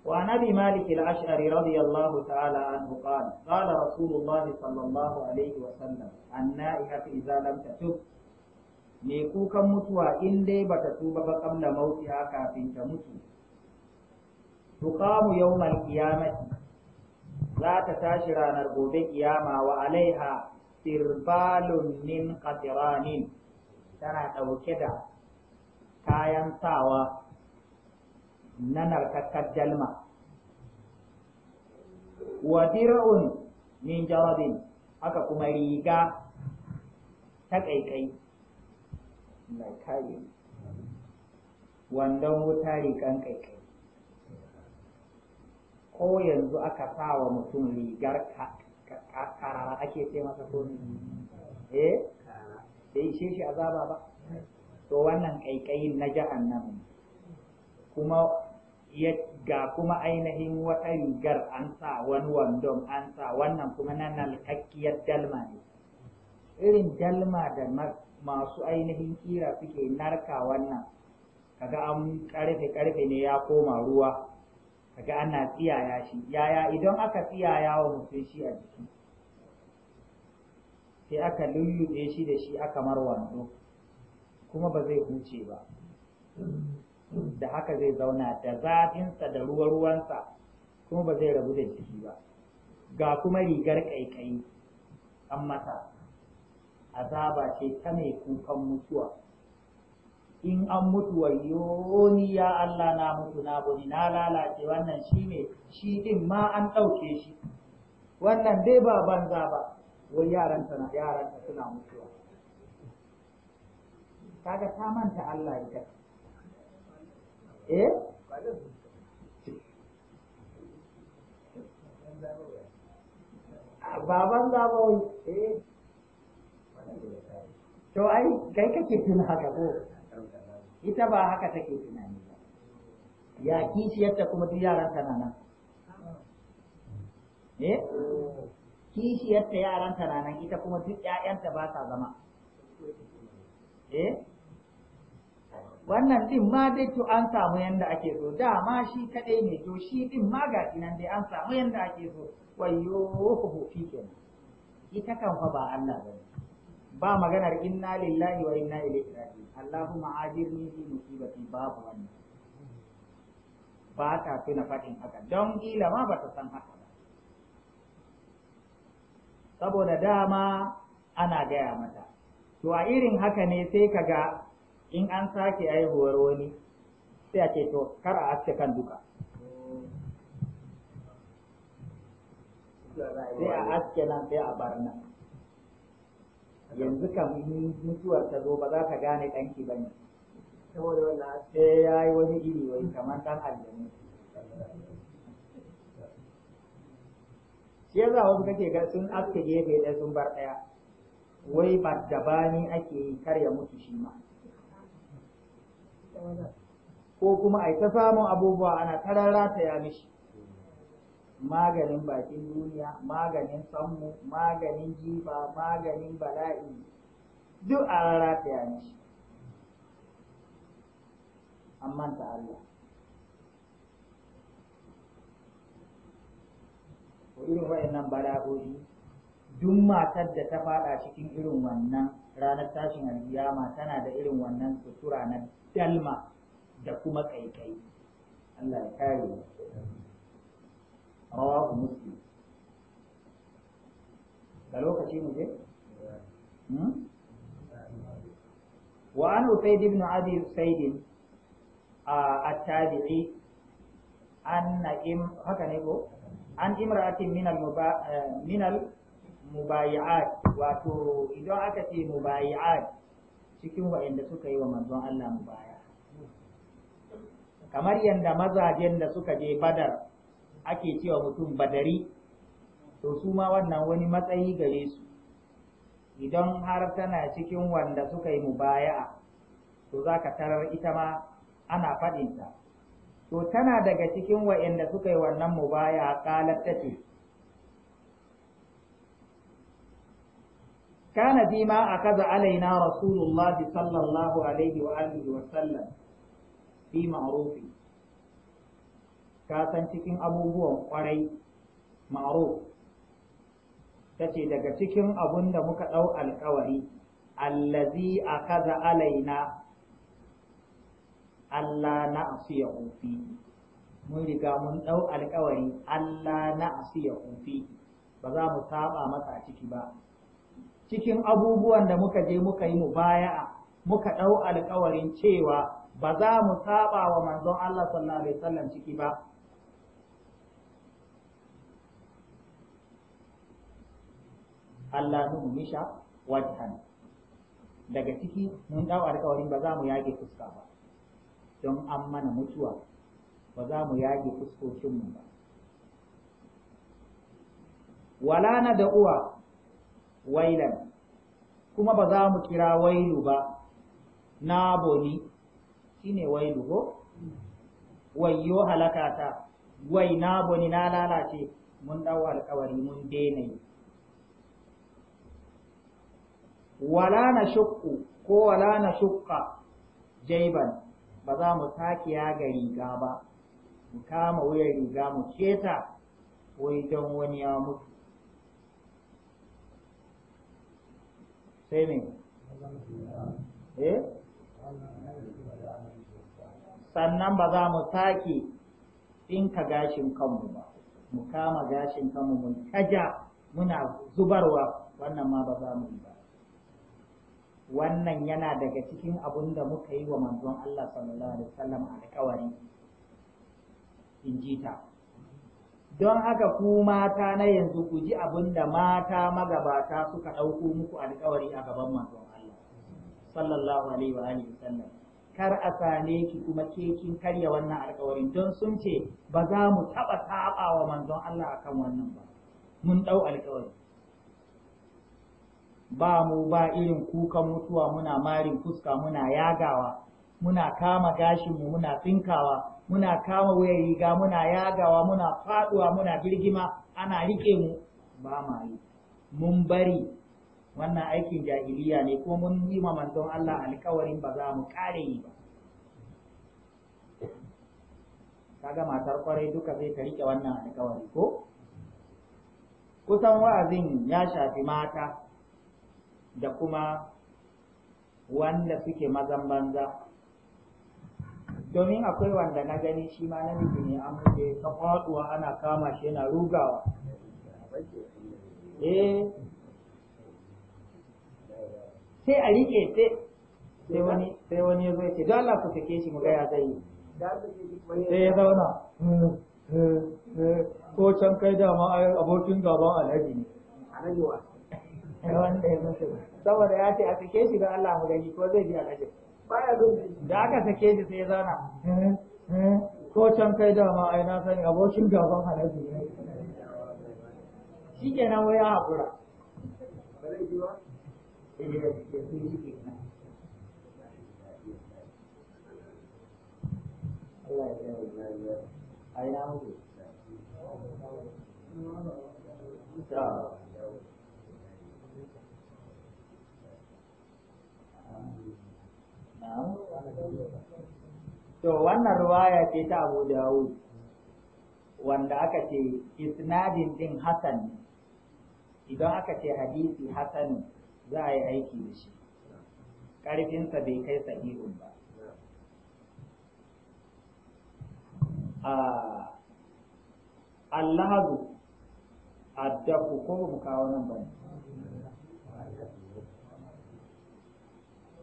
وعن ابي مالك الاشعري رضي الله تعالى عنه قال قال رسول الله صلى الله عليه وسلم النائحه اذا لم تتب mai kukan mutuwa in dai bata tuba ba kamla mautiya kafin ta mutu tuqamu yawmal qiyamati za ta tashi ranar gobe kiyama wa alaiha sirbalun min qatiranin tana ɗauke da kayan sawa na narkakkar jalma wa dir'un min jarabin haka kuma riga ta kaikai na kare wandon wuta rigan kaikai ko yanzu aka sa wa mutum rigar karara ake ce masa ko eh bai ishe shi azaba ba to wannan ƙaiƙayin na jahannam kuma ga kuma ainihin wata rigar an sa wani wandon an sa wannan kuma nan nalkakkiyar dalma ne irin dalma da masu ainihin kira suke narka wannan kaga an karfe karfe ne ya koma ruwa kaga ana tsiyaya shi yaya idan aka tsiyaya wa mutum shi a jiki sai aka lullube shi da shi aka mar wando kuma ba zai huce ba da haka zai zauna da zafinsa da ruwan ruwansa kuma ba zai rabu da jiki ba ga kuma rigar ƙaiƙayi an mata azaba ce ta mai kukan mutuwa in an mutu wayo ni ya Allah na mutu na buni na lalace wannan shi ne shi din ma an ɗauke shi wannan dai ba banza ba wai yaran na yaran suna mutuwa kaga ta manta Allah ita eh ah, baban zabawai eh to ai kai kake tuna haka ko ita ba haka take tunani ba ya kishiyarta kuma duk yaranta na nan eh kishiyarta yaranta na nan ita kuma ƴaƴanta ba sa zama eh wannan din ma dai to an samu yanda ake so da ma shi kadai ne to shi din ma ga nan dai an samu yanda ake so wayo ho fi kenan ita kan fa ba Allah bane ba maganar inna lillahi wa inna ilaihi raji Allahumma ajirni fi musibati babu wannan ba ta tuna fadin haka don kila ma ba ta san haka ba saboda dama ana gaya mata to a irin haka ne sai kaga in an sake haihuwar wani sai a ce to kar a aske kan duka sai a aske nan sai a bar nan yanzu kam mutuwar ta zo ba za ka gane ɗanki ba ne sai ya yi wani iri wai kamar ɗan aljanu shi yasa wasu kake ga sun aske gefe ɗaya sun bar ɗaya wai ba dabani ake yi kar ya mutu shi ma ko kuma a ta samun abubuwa ana ta ya mishi maganin bakin duniya maganin sammu maganin jifa maganin bala'i duk a rarrata ya mishi An ta Allah irin waɗannan bala'o'i duk matar da ta faɗa cikin irin wannan ranar tashin alkiyama tana da irin wannan sutura na dalma da kuma kaikai Allah ya kare rawa rawahu muslim da lokaci mu je hmm? wa an usayd ibn abi usayd at-tabi'i anna im haka ne ko an imra'atin min al-muba eh, min al mubayi'at wato idan aka ce mubayi'at cikin waɗanda suka yi wa manzon Allah mubaya kamar yadda mazajen da suka je badar ake cewa mutum badari to su ma wannan wani matsayi gare su idan har tana cikin wanda suka yi mubaya'a to za ka tarar ita ma ana faɗinta to tana daga cikin waɗanda suka yi wannan mubaya'a ƙalar ta ce kana fi a akaza alaina rasulullah sallallahu alaihi wa wa sallam fi ma'rufi ka cikin abubuwan kwarai ma'ruf tace daga cikin abun da muka dau alkawari allazi akaza alaina Allah na asiya mun riga mun alkawari Allah na asiya fi ba za mu saba masa ciki ba cikin abubuwan da muka je muka yi mubaya'a muka ɗau alƙawarin cewa ba za mu saba wa manzon Allah sallallahu alaihi wasallam ciki ba Allah nu misha wajhan daga ciki mun ɗau alƙawarin ba za mu yage fuska ba don an mana mutuwa ba za mu yage fuskokin mu ba wala na da uwa wailan kuma ba za mu kira wailu ba na boni shine wailu ko wayyo halakata wai na boni na lalace mun dau alƙawari mun daina yi wala na shukku ko wala na shukka jaiban ba za mu sake yaga riga ba mu kama wuyan riga mu keta wai don wani ya mutu Eh? sannan ba za mu sake ɗinka gashin kanmu ba mu kama gashin kanmu mu taja muna zubarwa wannan ma ba za mu yi ba wannan yana daga cikin abun da muka yi wa manzon Allah sallallahu alaihi wasallam alƙawari in ji ta don haka ku mata na yanzu ku ji abin da mata magabata suka ɗauko muku alkawari a gaban manzon Allah sallallahu alaihi wa alihi sallam kar a sane ki kuma ke kin karya wannan alkawarin don sun ce ba za mu taɓa taɓa wa manzon Allah akan wannan ba mun ɗau alkawari ba mu ba irin kukan mutuwa muna marin fuska muna yagawa muna kama gashinmu muna tsinkawa muna kama wuyar riga muna yagawa muna faduwa muna girgima, ana rike mu ba ma yi mun bari wannan aikin jahiliya ne ko mun yi ma manzon Allah alkawarin ba za mu kare yi ba kaga matar kwarai duka zai ta rike wannan alkawari ko kusan wa'azin ya shafi mata da kuma wanda suke mazan banza domin akwai wanda na gani shi ma namiji ne an buɗe ta faɗuwa ana kama shi yana rugawa eh sai a riƙe sai wani sai wani ya zo ya ce don Allah ku sake shi mu ga ya zai sai ya zauna ko eh, eh, eh, can kai dama abokin gaban alhaji ne alhaji wa [LAUGHS] saboda ya ce a sake shi don Allah mu gani ko zai bi alhaji da aka sake shi sai zana eh, eh. ko can kai dama ai na sani abokin gaban halabi ne shi nan wai ya haƙura eh, Allah ya to wannan ruwaya ce ta Abu Dawud wanda aka ce isnadin din hasan idan aka ce hadisi hasan za a yi aiki da shi ƙarfinsa bai kai sahihun ba Allahu addaku ko mu kawo nan ba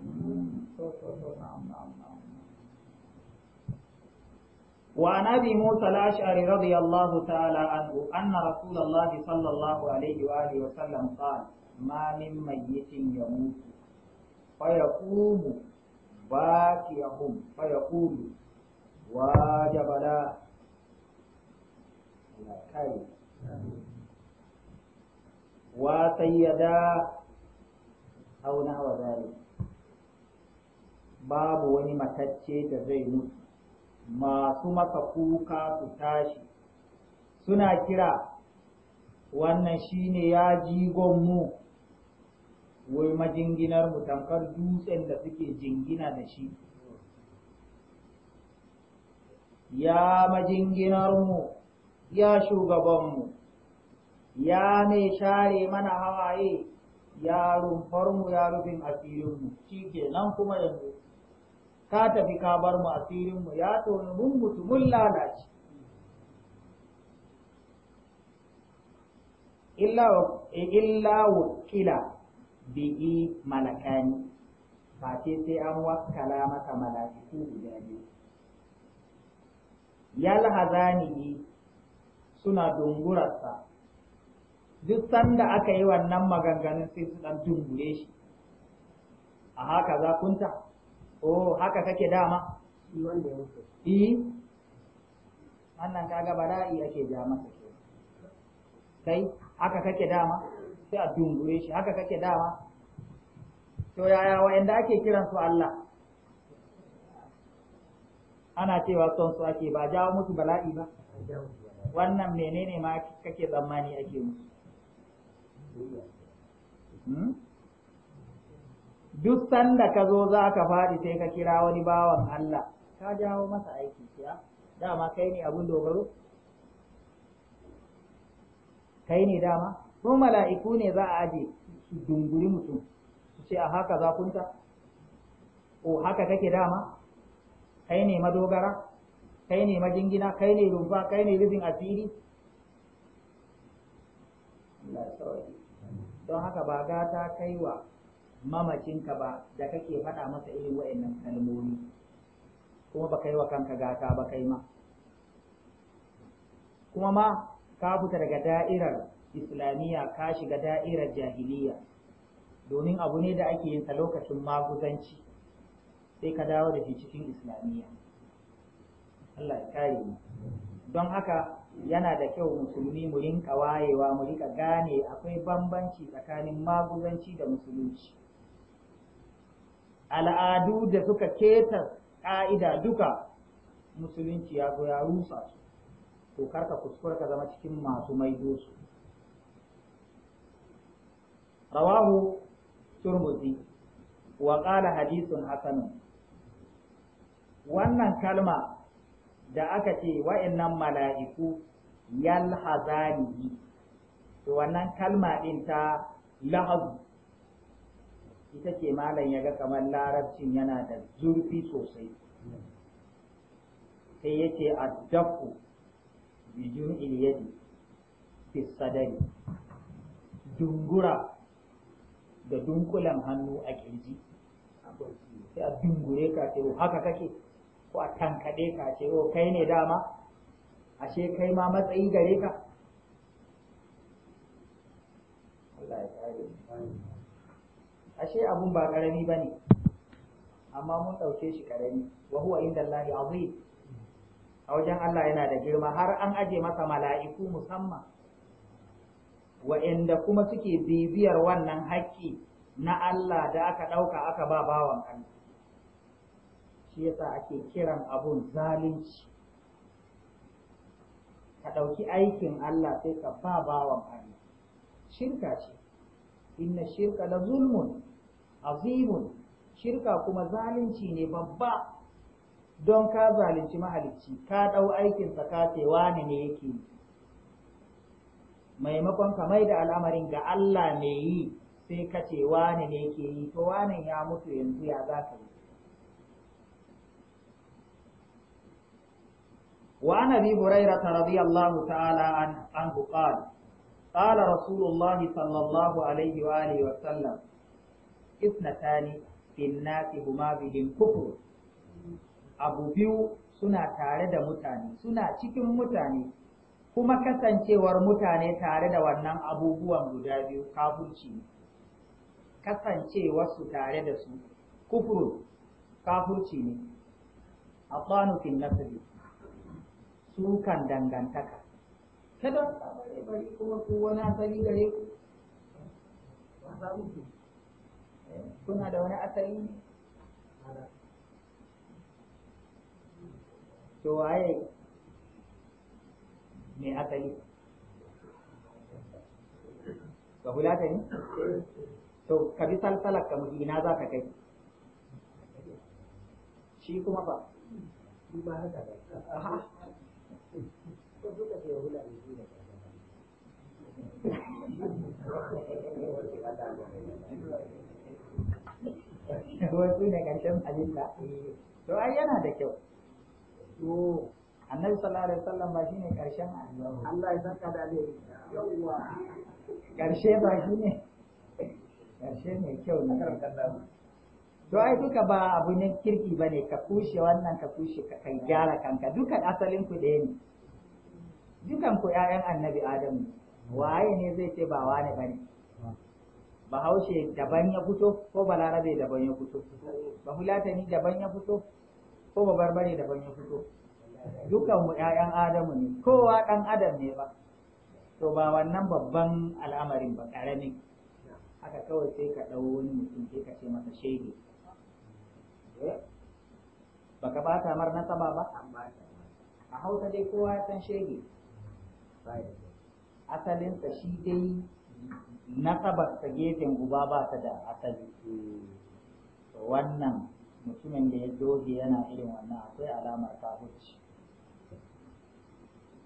ne وعن ابي موسى الاشعري رضي الله تعالى عنه ان رسول الله صلى الله عليه واله وسلم قال ما من ميت يموت فيقوم باكيهم فيقول واجب لا كي وسيدا او نحو ذلك babu wani matacce da zai mutu masu maka kuka su tashi suna kira wannan shine ya jigon mu wai majinginar mu tamkar dutsen da suke jingina da shi ya majinginar mu ya shugaban mu, ya mai share mana hawaye ya rumfar mu, ya rufin mu. shi kenan kuma yanzu ka tafi ka bar mu mu, ya tonu mun mutu mun lalace illa wakila bi'i malakani ba ce sai an wakala masa mala'iku guda biyu yalhazanihi suna dungurarsa duk sanda aka yi wannan maganganun sai su dan dungure shi a haka za kunta oh haka kake dama wanda ya mutu eh wannan kaga bala'i ake ja masa ke kai haka kake dama sai a dungure shi haka kake dama to yaya wa'anda ake kiran su Allah ana cewa son su ake ba jawo musu bala'i ba wannan menene ma kake tsammani ake musu hmm? duk sanda ka zo za ka faɗi sai ka kira wani bawan Allah ka jawo masa aiki kira ah. dama kai ne abun dogaro kai ne dama ko mala'iku ne za a aje su dunguri mutum su ce a haka za kunta o haka kake dama kai ne madogara kai ne majingina kai ne rumfa kai ne rufin asiri don haka ba gata kaiwa ka ba da kake faɗa masa irin wa'annan kalmomi kuma baka yi wa kanka gata ba kai ma kuma ma ka fita daga da'irar islamiyya ka shiga da'irar jahiliya domin abu ne da ake yin sa lokacin maguzanci sai ka dawo da shi cikin islamiyya Allah ya kare mu don haka yana da kyau musulmi mu rinka wayewa mu rika gane akwai bambanci tsakanin maguzanci da musulunci al'adu da suka keta ƙa'ida duka musulunci ya zo ya rusa su to karka kuskura ka zama cikin masu maido su rawahu turmuzi wa hadisin hadithun hasanun wannan kalma da aka ce wa'annan mala'iku yalhazanihi to wannan kalma din ta lahaz ita ce malam ya ga kamar larabcin yana da zurfi sosai sai ya ce a dafu bijin iliyadi fisadari dungura da dunkulan hannu a kirji sai a dungure ka ce oh, haka kake ko a tankade ka ce oh, kai ne dama ashe kai ma matsayi gare ka ashe abun ba karami bane amma mun ɗauke shi karami wa huwa inda Allah azim a wajen Allah yana da girma har an aje masa mala'iku musamman wa'inda kuma suke bibiyar wannan haƙƙi na Allah da aka ɗauka aka ba bawan Allah shi yasa ake kiran abun zalunci ka ɗauki aikin Allah sai ka ba bawan Allah shirka ce inna shirka la zulmun azimun shirka kuma zalunci ne babba don ka zalunci mahalicci ka ɗau aikin tsakace wani ne yake maimakon ka mai da al'amarin ga Allah ne yi sai ka ce wani ne yake yi to wani ya mutu yanzu ya za ka yi وعن ابي هريره رضي الله تعالى عنه قال قال رسول الله صلى الله عليه واله وسلم isnatani fin nasi huma bihim kufur abu biyu suna tare da mutane suna cikin mutane kuma kasancewar mutane tare da wannan abubuwan guda biyu kafurci kasancewar kasancewarsu tare da su kufur kafurci ne a tsanufin su sukan dangantaka kada ba bari kuma ko wani asali gare ku kuna da wani asali to waye ne asali ba hula ta ne to ka bi salsalar ka mutu ina za ka kai shi kuma ba Thank you. [LAUGHS] wai ne ƙarshen halitta eh, to ai yana da kyau to annabi sallallahu alaihi wasallam ba shine ƙarshen Allah ya saka da ne yawa ƙarshe ba shine ƙarshe mai kyau na karkar to ai duka ba abu ne kirki bane ka kushe wannan ka kushe ka kai gyara kanka duka asalin ku ɗaya ne dukan ku ƴaƴan annabi adamu waye ne zai ce ba wani bane bahaushe daban ya fito ko balarabe daban ya fito bafulatani daban ya fito ko babarbare daban ya fito dukan mu ƴaƴan adamu ne kowa ɗan adam ne ba to ba wannan babban al'amarin ba ƙaramin haka kawai sai ka ɗau wani mutum sai ka ce masa shege eh? baka ba ta mar nasaba ba a hausa dai kowa ya san shege asalinsa shi dai nasabar ta gefen uba ba ta da asali wannan mutumin da ya doge yana irin wannan akwai alamar kafirci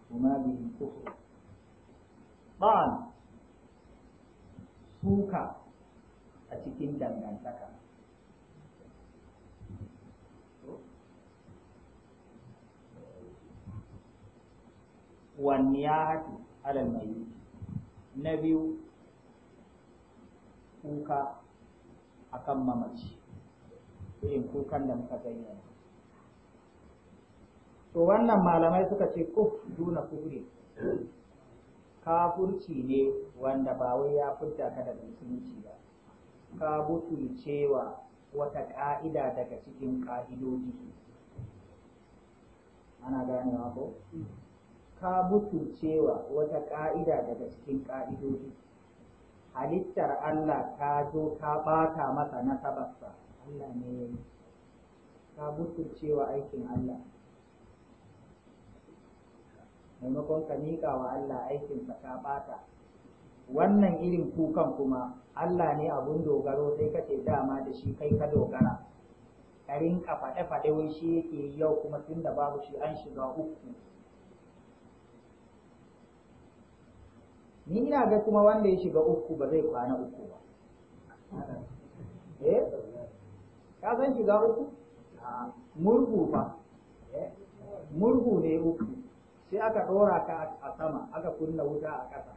kuma bihin kufu ba'an suka a cikin dangantaka wanne ya haɗu alal mai na biyu kuka kan mamaci irin kukan da muka bayyana to wannan malamai suka ce kuf duna kufri kafurci ne wanda ba wai ya fidda ka daga musulunci ba ka cewa wata ƙa'ida daga cikin ƙa'idoji ana ganewa ko ka cewa wata ƙa'ida daga cikin ƙa'idoji halittar Allah ta zo ka ɓata masa nasabarsa Allah ne ya yi ka aikin Allah maimakon ka miƙa wa Allah aikinsa ka ɓata wannan irin kukan kuma Allah ne abun dogaro sai ka ce dama da shi kai ka dogara ka rinka faɗe-faɗe wai shi yake yau kuma tun da babu shi an shiga uku ni ina ga kuma wanda ya shiga uku ba zai kwana uku ba eh ka san shiga uku ah, murhu ba, eh? murhu ne uku sai aka ɗora ka a sama aka kunna wuta a ƙasa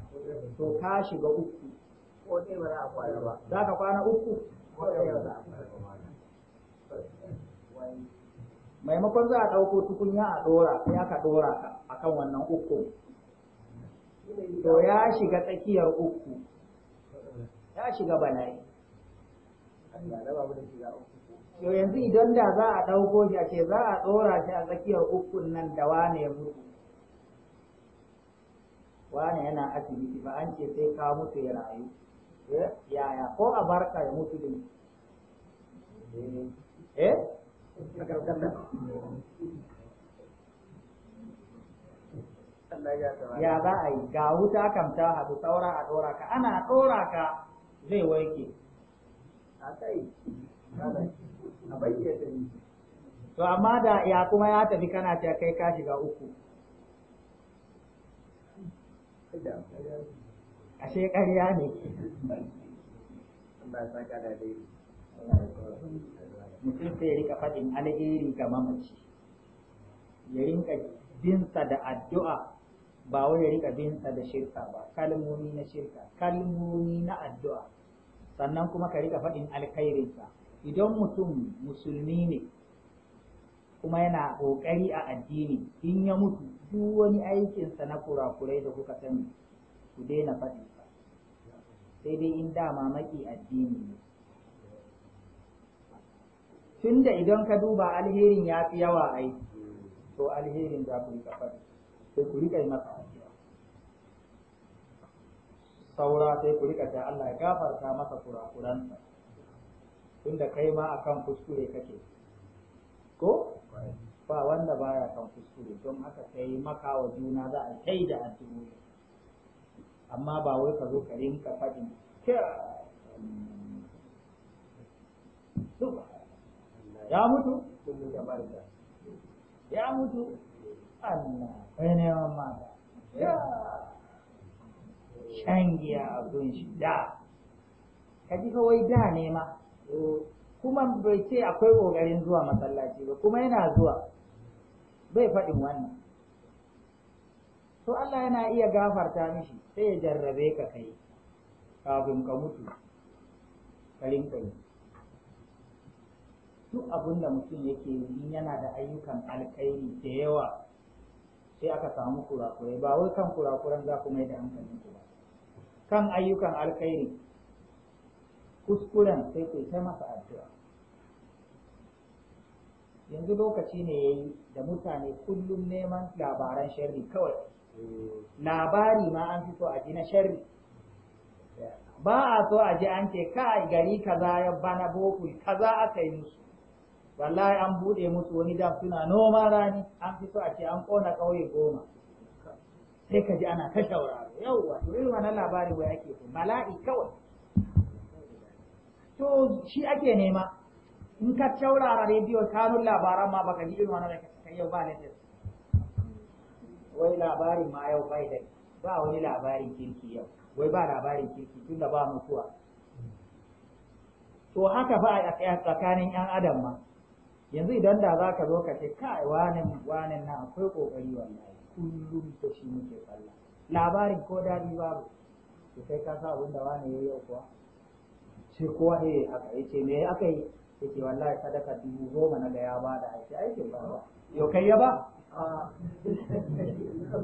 to ka shiga uku za ka kwana uku maimakon za a ɗauko tukunya a ɗora sai aka ɗora ka akan wannan uku to ya shiga tsakiyar uku ya shiga bala'i yau yanzu idan da za a ɗauko shi a ce za a ɗora shi a tsakiyar uku nan da wane ya mutu wane yana asibiti ba an ce sai ka mutu ya rayu eh? yaya ko a barka ya mutu din eh, eh? [LAUGHS] ya za a yi ga wuta kam ta haɗu saura a dora ka ana dora ka zai warke to amma da ya kuma ya tafi kana ta kai ka shiga uku ashe ƙarya ne mutum sai rika faɗin alheri ga mamaci ya rinka binsa da addu'a ba wai ya rika binta da shirka ba kalmomi na shirka kalmomi na addu'a sannan kuma ka rika faɗin alkhairinsa idan mutum musulmi ne kuma yana ƙoƙari a addini in ya mutu duk wani aikinsa na kurakurai da kuka sani ku daina sa sai dai in dama maki addini ne tunda idan ka duba alherin ya fi yawa ai to alherin za ku rika faɗi sai ku riƙa yi masa saura sai ku riƙa ta Allah ya gafarta masa kurakuransa tunda kai ma akan kuskure kake ko ba wanda baya kan kuskure don haka kai maka wa juna za a kai da addu'o'i amma ba wai ka zo ka rinka faɗin ya mutu ya mutu Allah ne mata giya abin shi da ka ji kawai da ne ma kuma bai ce akwai ƙoƙarin zuwa masallaci ba kuma yana zuwa bai faɗin wannan to Allah yana iya gafarta mishi sai ya jarrabe ka kai kafin ka mutu ka kai. duk abin da mutum yake yi yana da ayyukan alkhairi da yawa sai aka samu kurakurai ba wai kan kurakuran za ku mai da hankalin ku ba kan ayyukan alkhairi kuskuren sai ku ta masa addu'a yanzu lokaci ne yayi da mutane kullum neman labaran sharri kawai labari ma an fi so a ji na sharri ba a so a ji an ce kai gari kaza ya bana boko kaza aka yi musu wallahi an buɗe musu wani dam suna noma rani an fi so a ce an ƙona ƙauye goma sai ka ji ana ta shauraro yauwa to irin wannan labarin wai ake so mala'i kawai to shi ake nema in ka shaurara rediyo kanun labaran ma baka ji irin wannan kai yau ba lafiya wai labarin ma yau bai da ba wani labarin kirki yau wai ba labarin kirki tunda ba mutuwa to haka ba a tsakanin yan adam ma yanzu idan da za ka zo ka ce kai wanin wanin na akwai kokari wallahi kullum ta shi muke kalla labarin ko dadi babu to sai ka sa abin da wani yayi yau kuwa sai kowa ne eh, haka yace me aka yi yace wallahi sadaka dubu goma na ga ya bada aiki aikin banza yau kai ya ba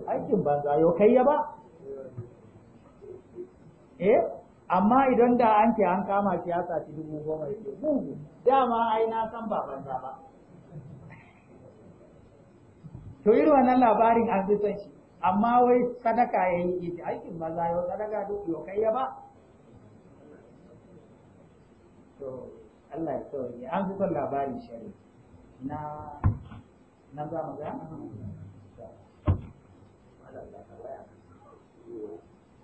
aikin banza yau kai ya ba eh amma idan da an ke an kama shi ya saci dubu goma ya ce mugu dama ai na san ba banza ba to irin wannan labarin an fi san shi amma wai sadaka ya yi ita aikin maza yau sadaka duk yau kai ya ba to Allah ya sauke an fi son labarin shari na na za mu ga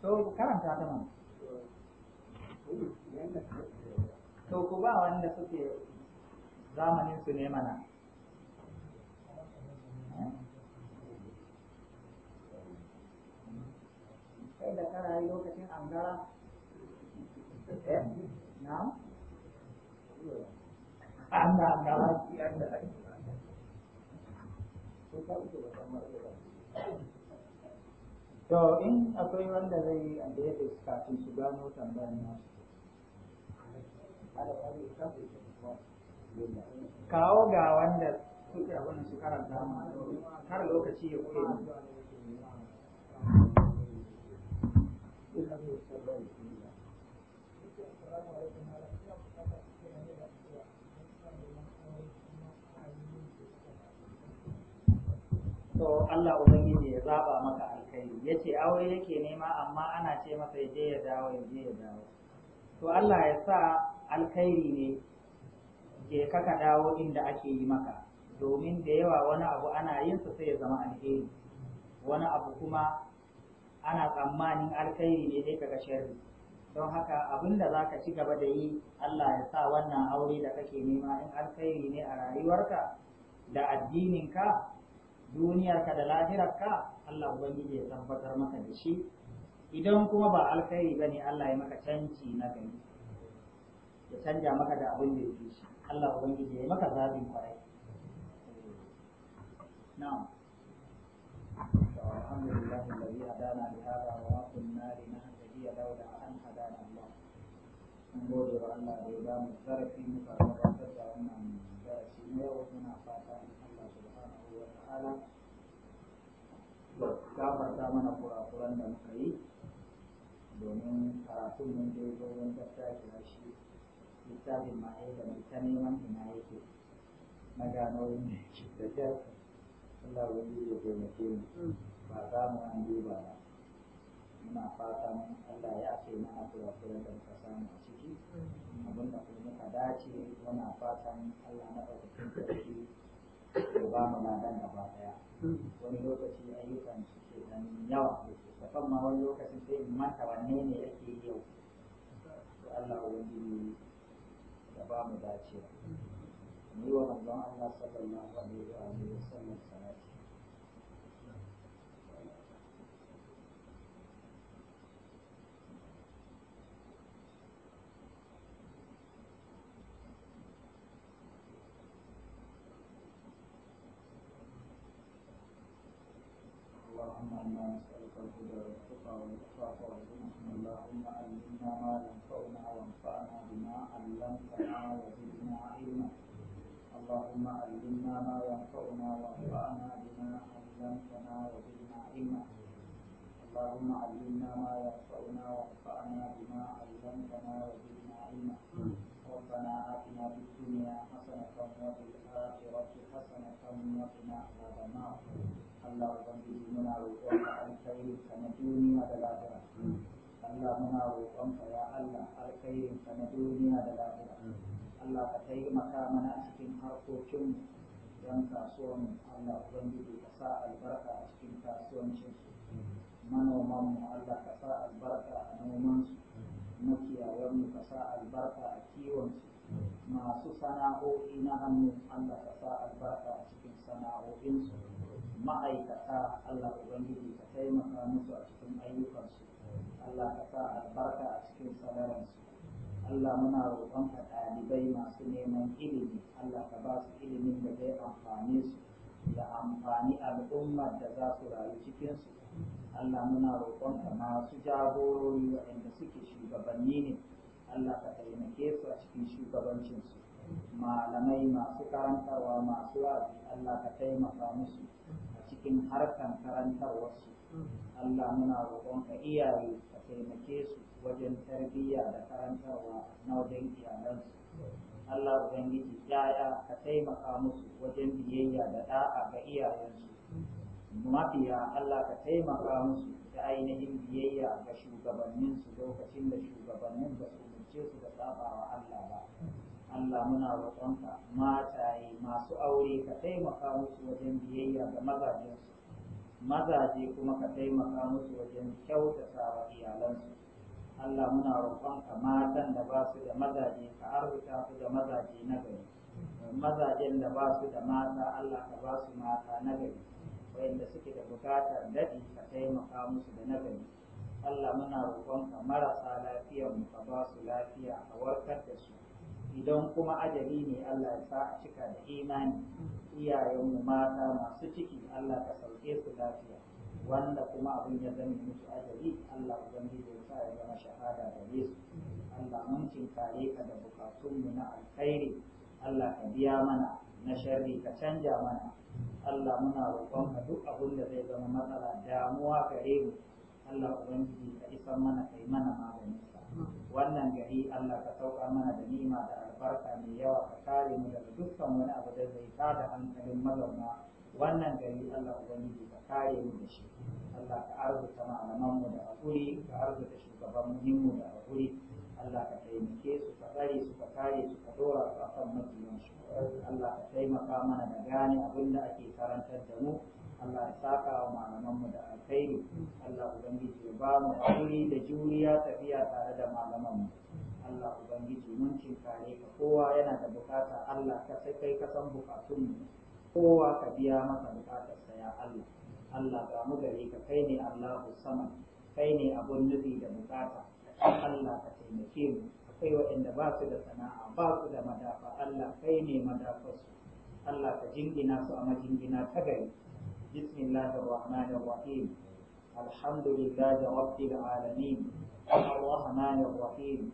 to karanta ta mana to ku ba wanda suke zamanin su ne mana kai da kana yi lokacin angara eh? na anda angara ki anda to in akwai wanda zai yi da ya fuskacin su gano tambayar nasu kawo ga wanda suke abin su karanta ma har lokaci ya kuke ne to Allah ubangiji ya zaba maka alkhairi yace aure yake nema amma ana ce masa ya je ya dawo ya je ya dawo to Allah ya sa alkhairi ne ke ka dawo inda ake yi maka domin da yawa wani abu ana yin sa sai ya zama alheri wani abu kuma ana tsammanin alkhairi ne sai kaga sharri don haka abin da za ka ci gaba da yi Allah ya sa wannan aure da kake nema in alkhairi ne a rayuwarka da addininka duniyarka da lahirarka Allah ubangiji ya tabbatar maka da shi idan kuma ba alkhairi ne Allah ya maka canci na gani ya canja maka da abin da yake shi Allah ubangiji ya yi maka zabin kwarai na'am الحمد لله الذي هدانا لهذا وما كنا لنهتدي لولا ان هدانا الله da ya bamu zarafi fata Allah ya mana kurakuran da domin mun zo littafin ma ta neman ina yake na gano inda da kyar Allah wani ya taimake mu ba za mu an duba ba muna fatan Allah ya ce na kura-kura da muka samu a ciki abin da kuma muka dace muna fatan Allah na ɗaukakin sarki ya ba mu dan gaba ɗaya wani lokaci ayyukan suke dan yawa musamman wani lokacin sai in manta wanne ne yake yau Allah wani ka ba mu dacewa ni wa manzon Allah sallallahu alaihi wa alihi wasallam salati اللهم الهدى والتقى والعفاف والغنى اللهم علمنا ما ينفعنا وانفعنا بما علمتنا وزدنا علما اللهم علمنا ما ينفعنا وانفعنا بما علمتنا وزدنا علما اللهم علمنا ما ينفعنا وانفعنا بما علمتنا وزدنا علما ربنا آتنا في الدنيا حسنة وفي الآخرة حسنة وقنا عذاب النار اللهم اغفر الخير اللهم Allah alkhairin ka na Allah ka mana a cikin harkokin don kasuwan Allah ubangiji ka sa albarka a cikin kasuwancinsu, manoman mu Allah ka sa albarka a nomansu. makiyayen ka sa albarka a kiwon su masu sana'o'i na hannu Allah ka sa albarka a cikin sana'o'insu ma'aikata Allah Ubangiji ka taimaka musu a cikin ayyukansu Allah ka sa albarka a cikin salaransu Allah muna roƙonka ɗalibai masu neman ilimi Allah ka ba su ilimin da zai amfane su da amfani al'umma da za su rayu cikinsu Allah muna roƙon ka masu jagorori waɗanda suke shugabanni ne Allah ka taimake su a cikin shugabancinsu malamai masu karantarwa masu wa'azi Allah ka taimaka musu a cikin harkan karantarwarsu Allah muna ka iyaye ka taimake su wajen tarbiyya da karantarwa na wajen iyalansu Allah Ubangiji yaya ka taimaka musu wajen biyayya da da'a ga iyayensu mafiya Allah ka taimaka musu da ainihin biyayya ga shugabanninsu lokacin da shugabannin ba su umarce su da sabawa Allah ba Allah muna roƙonka mataye masu aure ka taimaka musu wajen biyayya ga mazajensu mazaje kuma ka taimaka musu wajen kyautata wa iyalansu Allah muna roƙonka matan da ba su da mazaje ka arzuta su da mazaje na gari mazajen da ba su da mata Allah ka ba su mata na gari wayanda suke da bukatar daɗi ka taimaka musu da na gari Allah muna roƙonka marasa lafiyar mu ka ba su lafiya ka warkar da su idan kuma ajali ne Allah ya sa a cika da imani iyayenmu mata masu ciki Allah ka sauke su lafiya wanda kuma abin ya zama musu ajali Allah ya sa ya zama shahada da yesu Allah mun tinkare ka da bukatunmu na alkhairi Allah ka biya mana na sharri ka canja mana Allah muna roƙon ka duk abin da zai zama matsala damuwa gare mu Allah ubangiji ka isa mana kai mana magani wannan gari Allah ka sauka mana da nima da albarka mai yawa ka kare mu daga dukkan wani abu da zai tada hankalin mazauna wannan gari Allah ubangiji ka kare mu da shi Allah ka arzuta malaman mu da hakuri ka arzuta shugaban mu da hakuri Allah ka taimake su ka tsare su ka kare su ka dora su akan makiyan Allah ka taimaka mana da gane abin da ake karantar da mu Allah ya saka wa malaman mu da alkhairi Allah ubangiji ya ba mu hakuri da juriya tafiya tare da malaman mu Allah ubangiji mun cinkare ka kowa yana da bukata Allah ka sai kai ka san bukatun mu kowa ka biya maka bukatarsa saya Allah Allah ga mu gare ka kai ne Allahu sama kai ne abun nufi da bukata Allah ka taimake mu akwai waɗanda ba su da sana'a ba su da madafa Allah kai ne madafarsu Allah ka jingina su a majingina ta gari bismillahir rahmanir rahim alhamdulillahi rabbil alamin arrahmanir rahim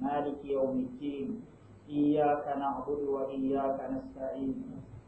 maliki yawmiddin iyyaka na'budu wa iyyaka nasta'in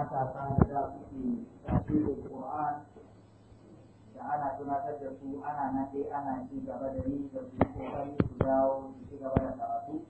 matasa da za su ke tasirin Qur'an da ana tunatar da su ana nan dai ana ci gaba da yi da su kokari su dawo su ci gaba da karatu